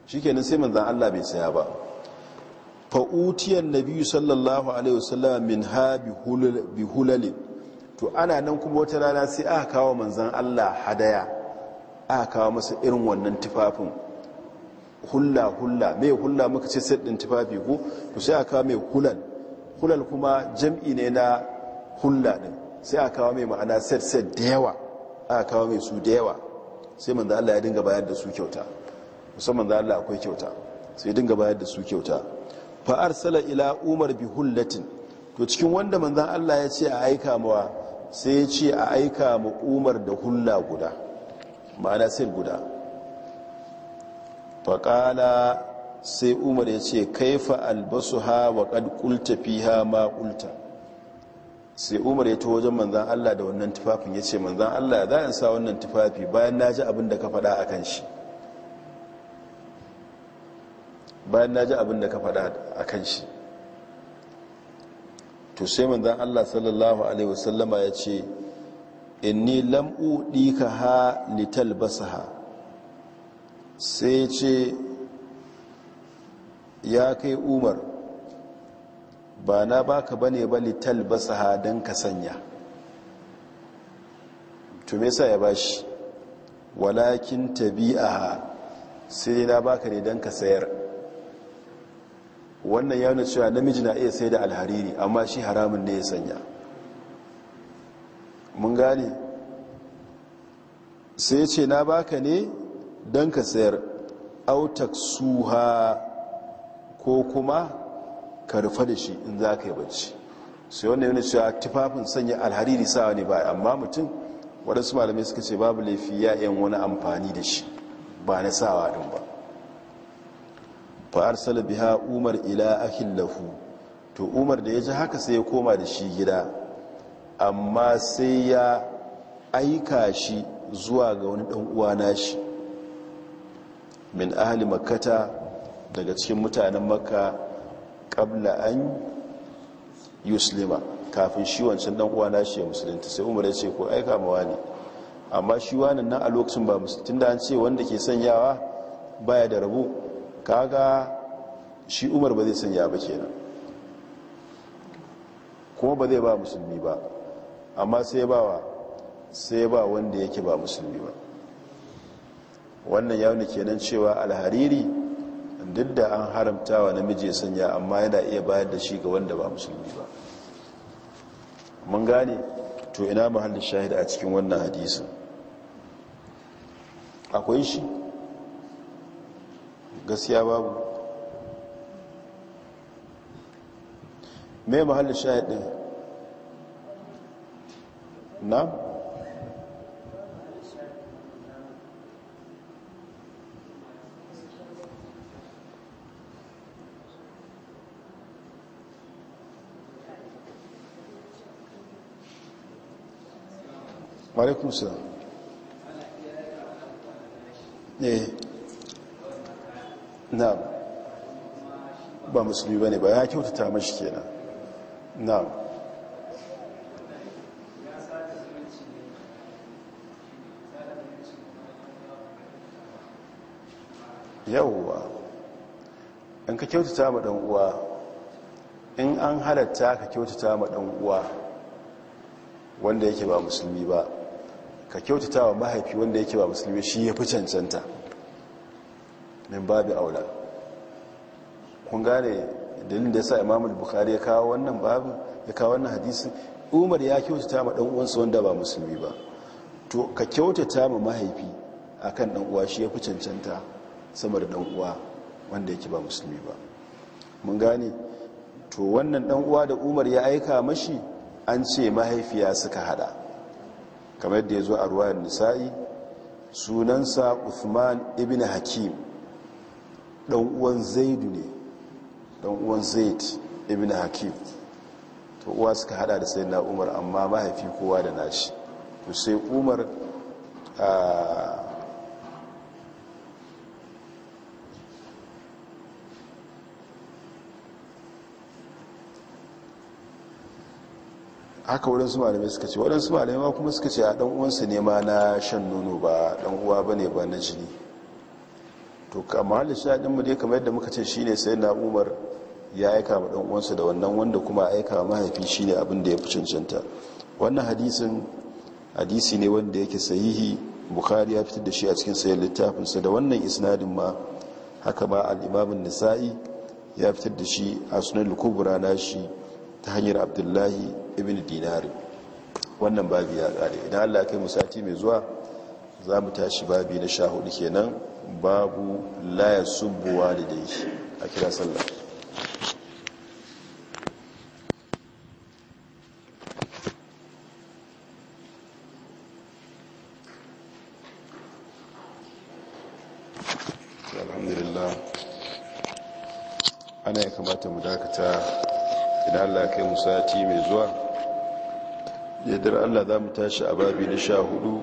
shikenan sai manzan Allah bai saya ba fa utiyan nabiyyu sallallahu alaihi wasallam min ha bi hulalin to ana nan kuma wata rana sai aka kawo manzan Allah hadaya aka kawo masa irin wannan tufafin hula hula mai hula muka ce set din tufafi ko to sai aka kawo mai hulal, hulal kuma jam'i ne na hula din sai aka kawo mai ma'ana set set da yawa aka kawo mai su da yawa sai manzan Allah ya dinga bayar da su kyauta musamman da Allah akwai kyauta sai dinga bayar da su kyauta fa arsala ila umar bi hullatin to cikin wanda manzan Allah ya ce a aika mawa sai ce a aika ma umar da hulla guda ma'ana sir guda faƙala sai umar ya ce kaifa albasu ha wa ƙulta fi ha ma ƙulta sai umar ya ta wajen manzan allah da wannan tufafin ya ce manzan allah za a sa wannan tufafi bayan na ji abin da ka faɗa a kan shi bayan na ji abin da ka faɗa a kan shi to sai dan Allah sallallahu alaihi wasallama ya ce inni lam'u ka ha litalbasaha sai ce ya kai umar ba na baka bane ba litalbasaha dan don ka sanya to me sa ya bashi walakin tabi'aha sai na baka ne don ka sayar wannan ya nuna cewa namiji na iya sai da alhariri amma shi haramun ne ya sanya mun gane sai ce na baka ne don ka sayar autak suha ko kuma ka rufa da shi in za ka yi bacci sai wannan yana cewa tufafin sanya alhariri sawa ne ba amma mutum waɗansu malamai suka ce babu laifi ya yi wani amfani da shi ba na sawa ɗin ba fa'arsala biha umar ila akin to umar da ya ji haka sai ya koma da shi gida amma sai ya aika shi zuwa ga wani uwa nashi min ahali makata daga cikin mutanen maka ƙabla an yuslima kafin shi wancan uwa nashi ya musulunta sai umar ya ce ko aika mawa ne amma shi wani nan a lokacin ba musulunta da an ce wanda ke sanyawa baya da rabu kaga shi umar ba zai sanya ba kenan kuma ba zai ba musulmi ba amma sai ba wa sai ba wanda yake ba musulmi ba wannan yawon kenan cewa alhariri duk da an haramta wa namiji sanya amma yana iya bayar da shi ga wanda ba musulmi ba mun gane to ina mahallin shahida a cikin wannan hadisin akwai shi gaskiya babu mai mahallin shahid ɗin na alaikun salam eh na ba musulmi bane ba ya kyautata mashi kenan na yawwa in ka kyautata ma dan uwa in an halatta ka kyautata ma dan uwa wanda yake ba musulmi ba ka kyautata wa mahaifi wanda yake ba musulmi shi ya fi cancanta min babu aula kun gane dalilin da yasa imamu bukhari ya kawo wannan babu ya kawo wannan hadisi umar ya kyautata ma dan uwansa wanda ba musulmi ba to ka kyautata ma mahaifi akan dan uwa shi ya fi cancanta sama da dan uwa wanda yake ba musulmi ba mun gane to wannan dan uwa da umar ya aika mashi an ce mahaifiya suka hada kamar yadda ya zo a ruwayar nisa'i sunansa uthman ibn hakim dan uwan zaidu ne dan uwan zaid ibn hakim to uwa suka hada da sayyidina umar amma mahaifi kowa da nashi to sai umar a haka waɗansu malamai suka ce waɗansu malamai kuma suka ce a ɗan'uwansu ne ma na shan nono ba ɗan'uwa ba ne ba na jini to kama halin mu dai kamar yadda muka ce shi ne sai na umar ya aika ma ɗan'uwansa da wannan wanda kuma aika mahaifi shi ne abin da ya fi cancanta wannan hadisin hadisi ne wanda yake sahihi bukhari ya fitar da shi a cikin sayar littafinsa da wannan isnadin ma haka ba al'imamin nisa'i ya fitar da shi a sunan lukubura na shi ta hanyar abdullahi ibn dinari wannan babi ya ƙare idan allah kai mu sati mai zuwa za mu tashi babi na sha hudu kenan babu laya subuwa da dai a kira sallah alhamdulillah ana ya kamata mu dakata idan allah kai sati mai zuwa yadda allah za mu tashi a babi na sha hudu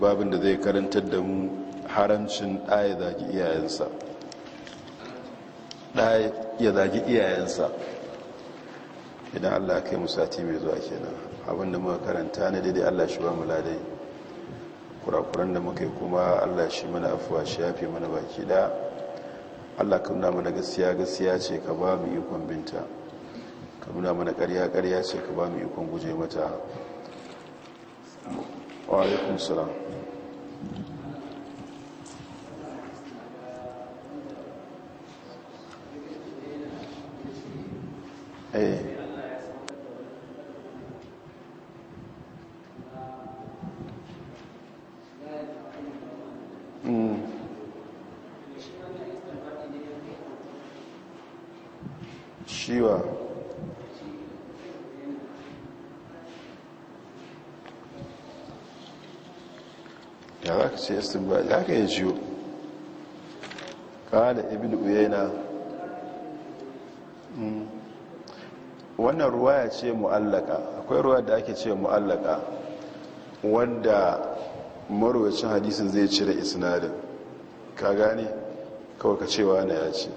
babin da zai karantar da mu haramcin ɗaya zagi iyayensa idan allah kai musati mai zuwa kenan abinda muka karanta na daidai allah shi ba mu ladai kurakuran da muka yi kuma allah shi mana afuwa shi ya fi mana baki da allah kan nuna mana gasiya, gasiya ce ka ba mu ikon binta ka nuna mana karya karya ce ka ba mu ikon guje mata wa alaikun salam Eh. Mm. shiwa ya za ka ce istin ba ya ka yi ciwo ƙada ibn uyena wannan ruwaya ce mu'allaka akwai ruwa da ake ce mu'allaka wanda marwacin hadisin zai cire isnadin ka gane kawai ka cewa na ya ce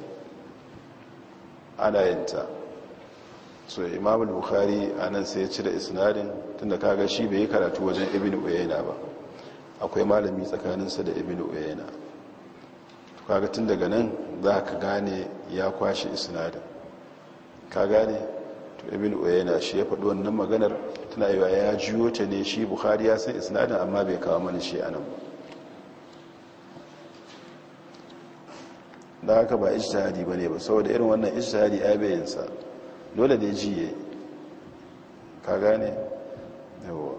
ana yinta so imam al bukhari a nan sai ya cire isnadin tunda kaga shi bai yi karatu wajen ibn uyayna ba akwai malami tsakaninsa da ibn uyayna kaga tun daga nan za ka gane ya kwashe isnadin ka gane to ibn na shi ya faɗi wannan maganar tana yiwa ya jiyo ta ne shi bukhari ya san isnadin amma bai kawo mana shi a nan da haka ba ijtihadi bane ba saboda irin wannan ijtihadi ai bayin sa dole ne jiye ka gane yawa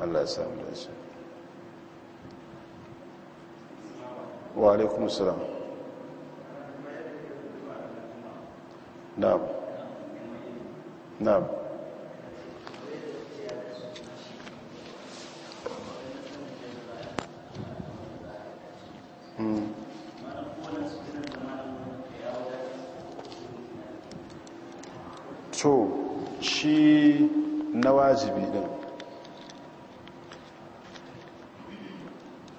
Allah ya samu shi wa alaikum salam na'am Hmm. to shi na wajibi din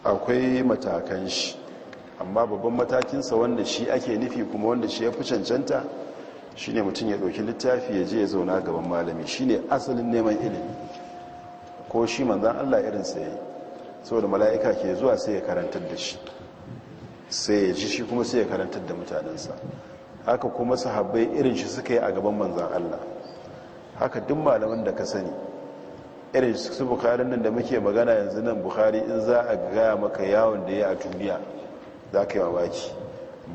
akwai matakan shi amma babban matakinsa wanda shi ake nufi kuma wanda shi ya fi cancanta ne mutum ya ɗauki littafi ya je ya zauna gaban malami shi ne asalin neman ilimi ko shi manzan Allah irinsa ya yi saboda mala'ika ke zuwa sai ya karantar da shi sai ya ji shi kuma sai ya karantar da mutanensa haka kuma sahabbai irin shi suka yi a gaban manzan Allah haka duk malaman da ka sani irin su bukari nan da muke magana yanzu nan bukari in za a gaya maka yawon da ya a duniya za ka yi mamaki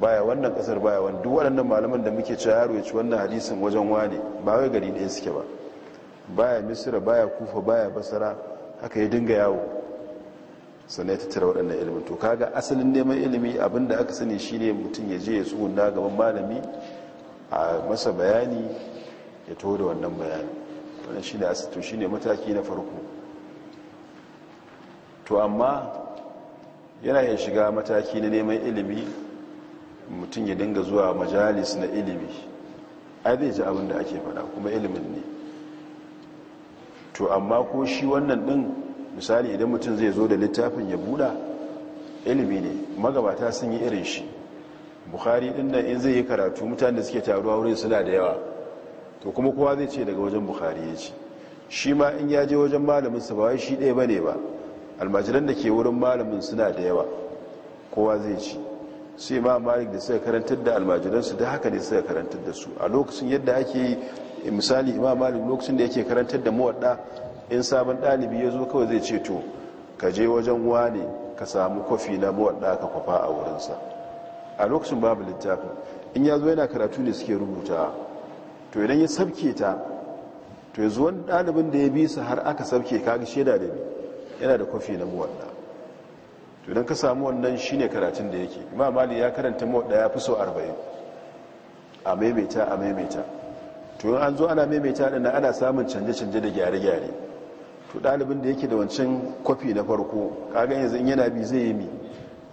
baya wannan kasar baya wani duk waɗannan malaman da muke cewa ya ci wannan hadisin wajen wane ba wai gari ɗaya suke ba baya misira baya kufa baya basara haka ya dinga yawo sannan ya tattara waɗannan ilimin to kaga asalin neman ilimi abinda aka sani shine mutum ya je ya tsuguna gaban malami a masa bayani ya taho da wannan bayani wannan shine shi shine mataki na farko to amma yana yin shiga mataki na neman ilimi mutum ya dinga zuwa majalis na ilimi a zai ji abin da ake faɗa kuma ilimin ne to amma ko shi wannan din misali idan mutum zai zo da littafin ya buɗa ilimi ne magabata sun yi irin shi bukhari din nan in zai yi karatu mutane da suke taruwa wurin suna da yawa to kuma kowa zai ce daga wajen bukhari ya ce shi ma in ya je wajen malaminsa ba wai shi ɗaya ba ne ba almajiran da ke wurin malamin suna da yawa kowa zai ci sai ma malik da suka karantar da almajiransu da haka ne suka karantar da su a lokacin yadda ake misali imam malik lokacin da yake karantar da muwadda in sabon dalibi ya zo kawai zai ce to ka je wajen ne ka samu kwafi na muwadda ka kwafa a wurinsa a lokacin babu littafi in ya zo yana karatu ne suke rubuta to idan ya sabke ta to yanzu wani dalibin da ya bi su har aka sabke kaga shaida da yana da kwafi na muwadda to ka samu wannan shi ne karatun da yake imam mali ya karanta mawaɗa ya fi so arba'in a maimaita a maimaita to yin an zo ana maimaita ɗin ana samun canje-canje da gyare-gyare to ɗalibin da yake da wancan kwafi na farko kagan yanzu in yana bi zai yi mi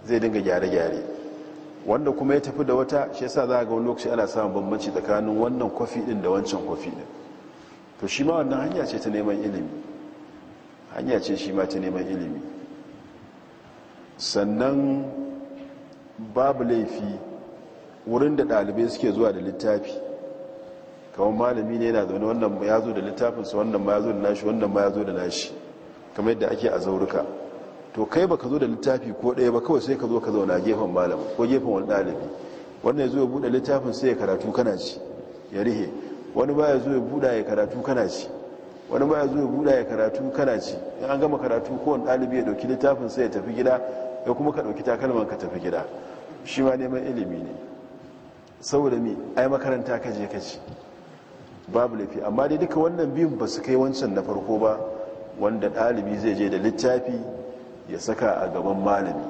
zai dinga gyare-gyare wanda kuma ya tafi da wata shi yasa za a ga wani lokaci ana samun bambanci tsakanin wannan kwafi ɗin da wancan kwafi ɗin to shi wannan hanya ce ta neman ilimi hanya ce shi ta neman ilimi sannan babu laifi wurin da ɗalibai suke zuwa da littafi kawon malami ne yana zaune wannan ya zo da littafinsa wannan ma ya zo da nashi wannan ma ya zo da nashi kamar yadda ake a zaurika to kai baka zo da littafi ko ɗaya ba kawai sai ka zo ka zauna gefen malam ko gefen wani ɗalibi wannan ya zo ya buɗe littafin sai ya karatu kana ci ya rihe wani ba ya zo ya buɗa ya karatu kana ci wani ba ya zo ya buɗa ya karatu kana ci in an gama karatu wani ɗalibi ya ɗauki littafin sai ya tafi gida ya kuma ka ɗauki takalman ka tafi gida shi ma neman ilimi ne saboda mi ai makaranta ka je ka ci babu laifi amma dai duka wannan biyun ba su kai wancan na farko ba wanda ɗalibi zai je da littafi ya saka a gaban malami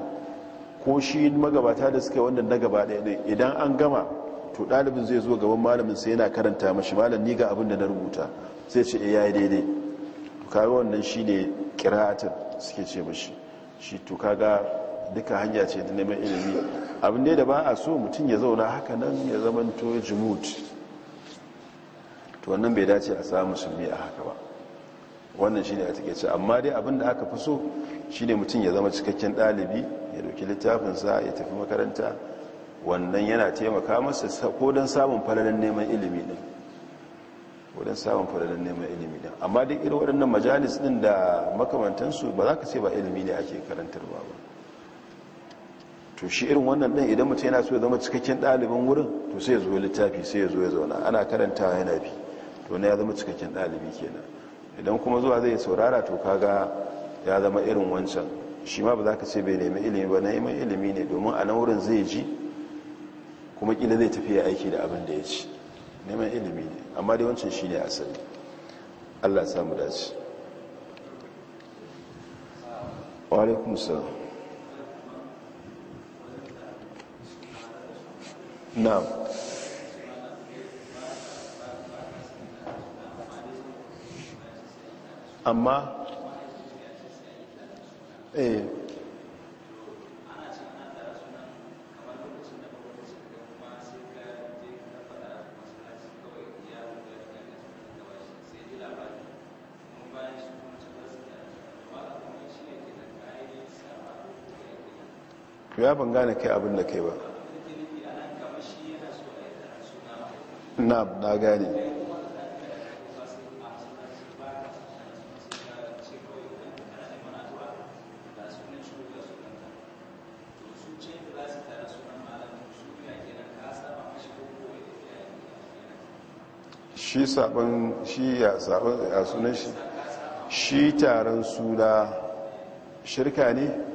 ko shi magabata da suka yi wannan na gaba ɗaya ne idan an gama to ɗalibin zai zo gaban malamin sai yana karanta mashi malam ni ga abin da na rubuta sai ce eh, ya yi daidai to kawai wannan shi ne kiratin suke ce mashi shi to kaga duka hanya ce da neman ilimi abin da ba a so mutum ya zauna haka nan ya zama to jimut to wannan bai dace a samu musulmi a haka ba wannan shine a take ce amma dai abin da aka fi so shine mutum ya zama cikakken ɗalibi ya dauki littafinsa ya tafi makaranta wannan yana taimaka masa ko don samun falalan neman ilimi din wurin samun fadalan neman ilimi din amma duk irin waɗannan majalis din da makamantansu ba za ka ce ba ilimi ne ake karantarwa ba to shi irin wannan din idan mutum yana so ya zama cikakken ɗalibin wurin to sai ya zo littafi sai ya zo ya zauna ana karantawa yana fi to ne ya zama cikakken ɗalibi kenan idan kuma zuwa zai saurara to kaga ya zama irin wancan shi ma ba za ka ce bai nemi ilimi ba neman ilimi ne domin a nan wurin zai ji kuma kila zai tafi ya aiki da abin da ya ci neman ilimi ne amma dai wancan shi ne asali allah samu dace wa alaikum salam na. amma eh to ya ban gane kai abin da kai ba na na gane shi sabon shi ya sabon a sunan shi shi taron suna shirka ne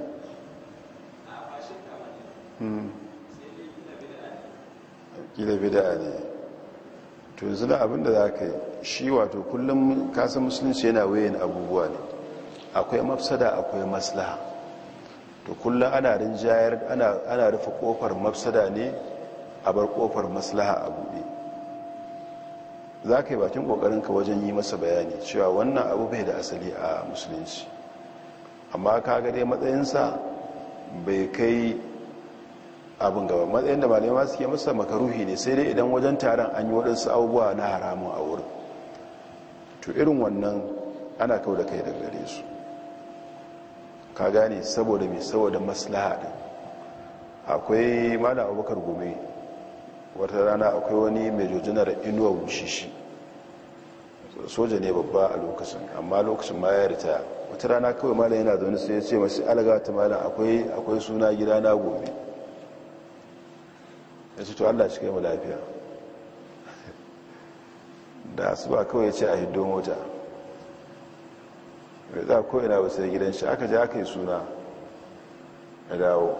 kila bida ne to yanzu da abinda za ka shi wato kullum kasan musulunci yana wayan abubuwa ne akwai mafsada akwai maslaha to kullum ana rinjayar ana rufe kofar mafsada ne a bar kofar maslaha a buɗe za ka yi bakin ƙoƙarinka wajen yi masa bayani cewa wannan abu bai da asali a musulunci amma ka gade matsayinsa bai kai abin gaba matsayin da masu suke masa makaruhi ne sai dai idan wajen taron an yi waɗansu abubuwa na haramun a wurin to irin wannan ana kawo da kai daga gare su ka gane saboda mai saboda maslaha ɗin akwai mana abubakar gome wata rana akwai wani mai jojinar inuwa shi. soja ne babba a lokacin amma lokacin ma ya rita wata rana kawai malam yana zaune sai ya ce masu alga ta malam akwai suna gida na gobe ya ce to allah shi kai mu lafiya da su ba kawai ce a hiddo mota mai za ko ina gidan shi aka ji aka yi suna ya dawo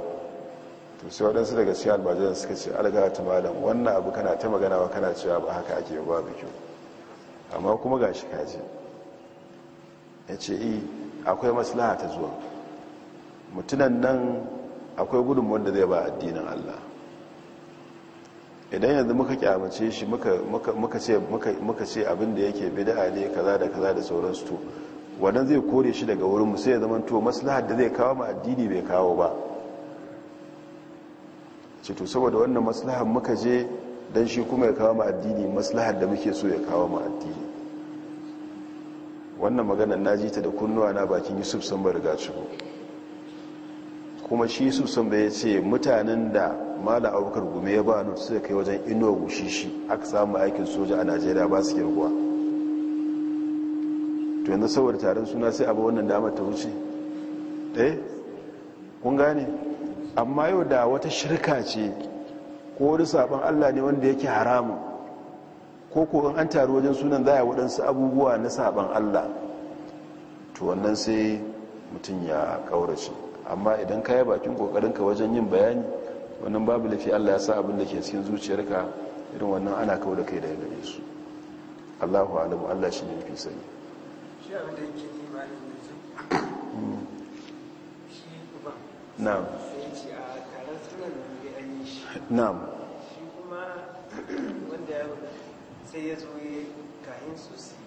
to sai waɗansu daga cikin almajiran suka ce alga ta malam wannan abu kana ta magana wa kana cewa ba haka ake ba kyau. amma kuma ga shi kaji ya ce yi e, akwai maslaha ta zuwa mutunan nan akwai gudunmu da zai ba addinin allah idan yanzu muka kyamace shi muka ce abinda da yake bida'a ne kaza da kaza da sauransu to wannan zai kore shi daga wurin mu sai ya zama to maslahar da zai kawo ma addini bai kawo ba ce to saboda wannan maslahar muka je don shi kuma ya kawo ma addini maslahar da muke so ya kawo ma addini wannan maganar na ji ta da kunnuwa na bakin yusuf sun riga ciko kuma shi su sun bai ce mutanen da mala abokan gume ya ba nutu suka kai wajen inuwa shi aka samu aikin soja a najeriya ba su kirguwa to yanzu saboda taron suna sai abu wannan damar ta wuce ɗaya eh? kun gane amma yau da wata shirka ce ko wani sabon allah ne wanda yake haramu ko ko an taru wajen sunan za a yi waɗansu abubuwa na sabon allah to wannan sai mutum ya ƙaurace amma idan ka yi bakin kokarinka wajen yin bayani wannan babu lafi allah ya sa abin da ke cikin zuciyarka irin wannan ana kawo da kai daga gare su allahu alamu allah shi ne fi sani Na. na'am shi kuma wanda sai ya zo kayan sosai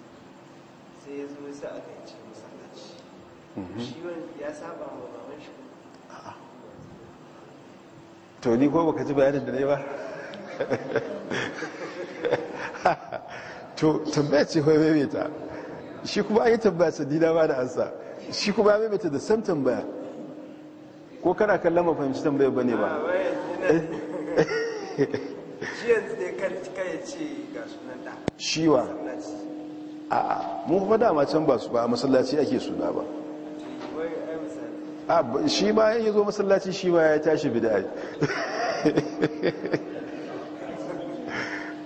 sai ya zo sa aka yi ce masallaci Mhm. to ko baka ji bayanin da ne ba [LAUGHS] to tambaya ce kawai maimaita shi kuma an yi tambaya sadida ba da ansa shi kuma maimaita da sam tambaya ko kana kallon mafahimci tambaya ba ne ba shi yanzu dai kai ce ga sunan da shiwa a mun kuma dama can ba su ba a masallaci ake suna ba shi ma ya zo masallaci shi ma ya tashi bida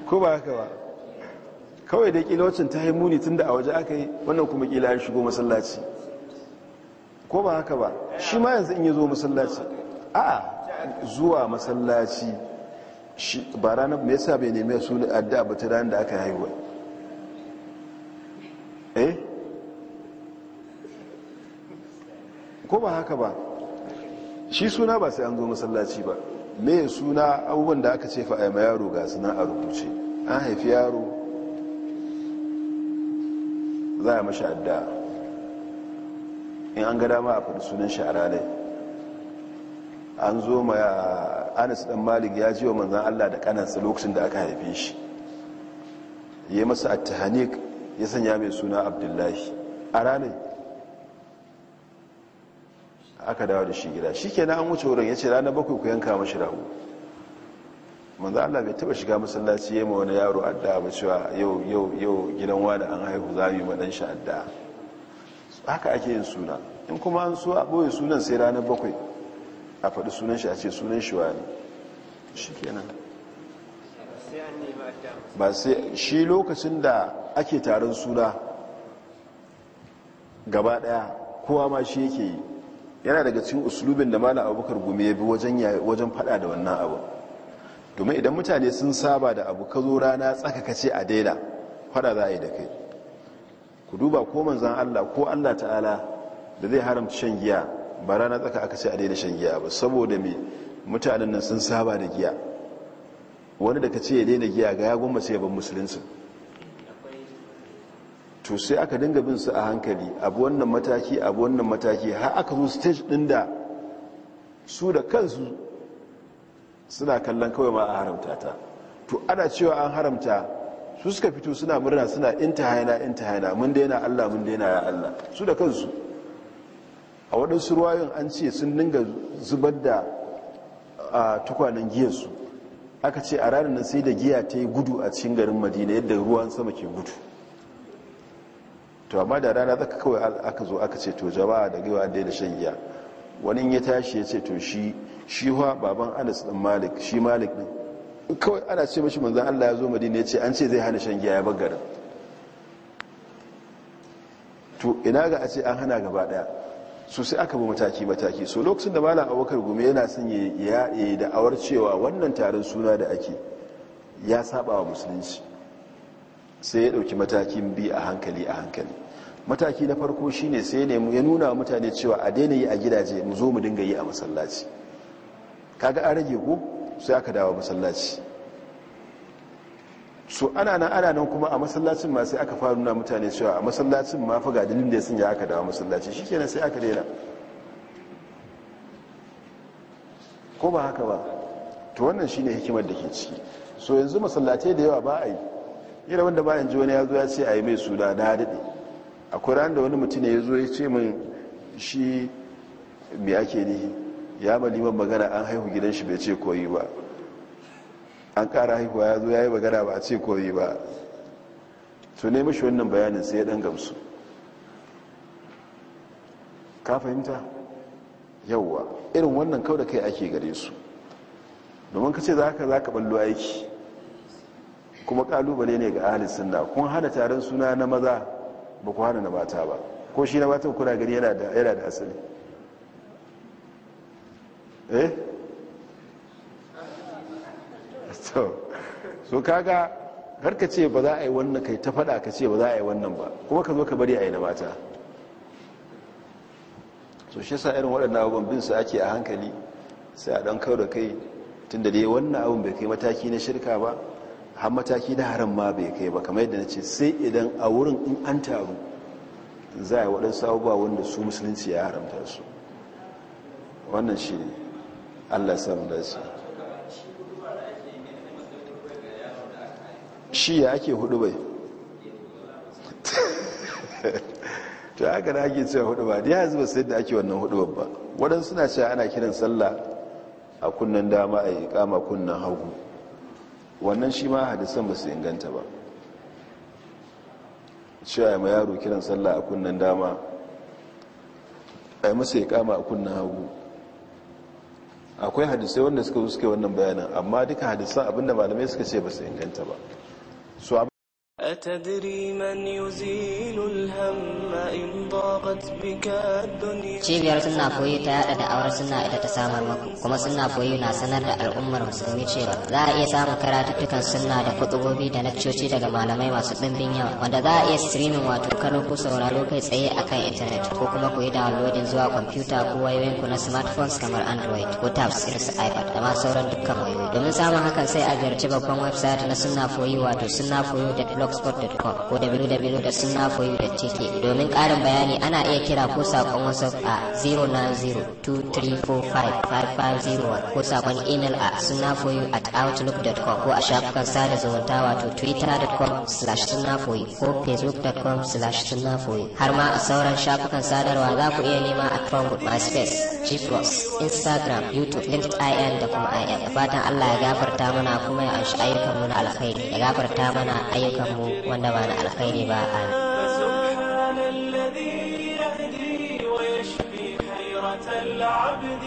ko ba haka ba kawai da kilocin wacin ta haimuni tun da a waje aka yi wannan kuma kila ya shigo masallaci ko ba haka ba shi ma yanzu in ya zo masallaci a zuwa masallaci ba ranar mai yasa ne mai suna adda ba ta ranar da aka haihuwa eh ko ba haka ba shi suna ba sai an zo masallaci ba me suna abubuwan da aka ce fa a yaro ga suna a rubuce an haifi yaro za a mashi adda in an ga dama a faɗi sunan shi a ranar an zo ma anas dan malik ya ji wa manzan allah da kanansa lokacin da aka haife shi ya masa attahanik ya sanya mai suna abdullahi a ranar aka dawo da shi gida shi na an wuce wurin ya ce ranar bakwai ku yanka mashi rahu manzo Allah bai taba shiga masallaci ya ma wani yaro addu'a ba cewa yau yau yau gidan wani an haihu za mu yi madan shi addu'a haka ake yin suna in kuma an so a boye sunan sai ranar bakwai a faɗi sunan shi a ce sunan shi wani na. ba sai shi lokacin da ake taron suna gaba daya kowa ma shi yake yi yana daga cikin uslubin da malam abubakar gumi ya bi wajen fada da wannan abu domin idan mutane sun saba da abu ka zo rana tsakaka ce a daina fada za a yi da kai ku duba ko manzan allah ko allah ta'ala da zai haramta shan giya ba rana tsaka aka ce a daina shan giya ba saboda me mutanen nan sun saba da giya wani da ka ce ya daina giya ga ya gwamma sai ban musulunci to sai aka dinga bin su a hankali abu wannan mataki abu wannan mataki har aka zo stage din da su da kansu suna kallon kawai ma a haramta ta to ana cewa an haramta su suka fito suna murna suna inta haina inta haina mun daina Allah mun daina ya Allah su da kansu a waɗansu ruwayoyin an ce sun dinga zubar da a tukwanen giyarsu aka ce a ranar nan sai da giya ta yi gudu a cikin garin madina yadda ruwan sama ke gudu to amma da rana zaka kawai aka zo aka ce to jama'a da gaiwa da shan giya wani ya tashi ya ce to shi shi wa baban Anas din Malik shi Malik din kawai ana ce mashi manzon Allah ya zo Madina ya ce an ce zai hana shan giya ya bar garin to ina ga a ce an hana gaba daya so sai aka bi mataki mataki so lokacin da malam abokar gome yana son ya da awar cewa wannan taron suna da ake ya saba wa musulunci sai ya dauki matakin bi a hankali a hankali mataki na farko shine sai ne ya nuna wa mutane cewa a daina yi a gidaje mu zo mu dinga yi a masallaci kaga an rage ko sai aka dawo masallaci so ana nan ana nan kuma a masallacin ma sai aka fara nuna mutane cewa a masallacin ma fa ga dalilin da ya sanya aka dawo masallaci shikenan sai aka daina ko ba haka ba to wannan shine hikimar da ke ciki so yanzu masallatai da yawa ba a yi irin wanda bayan ji wani ya zo ya ce a yi mai suna na daɗe akwai ran da wani mutum ya zo ya ce min shi me ake nihi ya bali liman magana an haihu gidan shi bai ce koyi ba an ƙara haihuwa ya zo ya yi magana ba a ce koyi ba to ne mashi wannan bayanin sai ya ɗan gamsu ka fahimta yauwa irin wannan kau da kai ake gare su domin ka ce za ka za ka ɓallo aiki kuma ƙalubale ne ga ahalin sunna kun hana taron suna na maza ba ku hana na mata ba ko shi na mata kuna gani yana da asali eh so kaga har ka ce ba za a yi wannan kai ta fada ka ce ba za a yi wannan ba kuma ka zo ka bari a yi na mata so shi sa irin waɗannan abubuwan bin su ake a hankali sai a ɗan kawo da kai tun da dai wannan abun bai kai mataki na shirka ba har mataki na haram ma bai kai ba kamar yadda na ce sai idan a wurin in an taru za a yi waɗansu abubuwa wanda su musulunci ya haramta su wannan shi ne allah samu da su shi ya ake hudu bai [LAUGHS] to haka da ake cewa hudu ba ya zuba sai da ake wannan hudu ba waɗansu na cewa ana kiran sallah a kunnen dama a yi kama kunnen hagu wannan shi ma hadisan ba su inganta ba cewa ma yaro kiran sallah a kunnan dama a yi masa ya kama a kunnan hagu akwai hadisai wanda suka suke wannan bayanin amma duka hadisan abinda malamai suka ce ba su inganta ba su أتدري من يزيل الهم إن Cibiyar suna koyi ta yada da aure suna ita ta samar maku, kuma suna koyi na sanar da al'ummar musulmi cewa za a iya samun karatuttukan suna da kutubobi da lakcoci daga malamai masu ɗimbin yawa, wanda za a iya streaming wato kano ko sauraro kai tsaye akan intanet ko kuma koyi downloading zuwa kwamfuta ko wayoyinku na smartphones kamar Android ko tabs irin su iPad da ma sauran dukkan wayoyi. Domin samun hakan sai a ziyarci babban website na suna koyi wato blogspot.com ko www.sunnafoyo.tk domin ƙarin bayani ana iya kira ko saƙon WhatsApp a 09023455501 ko saƙon email a sunafoyu at outlook.com ko a shafukan sada zumunta wato twitter.com slash sunafoyu ko facebook.com slash sunafoyu har ma a sauran shafukan sadarwa za ku iya nema a Trumpet MySpace, Gfloss, Instagram, YouTube, LinkedIn da kuma IM. Da fatan Allah ya gafarta mana kuma ya anshi ayyukanmu na alkhairi, ya gafarta mana ayyukanmu wanda ba na alkhairi ba a العبد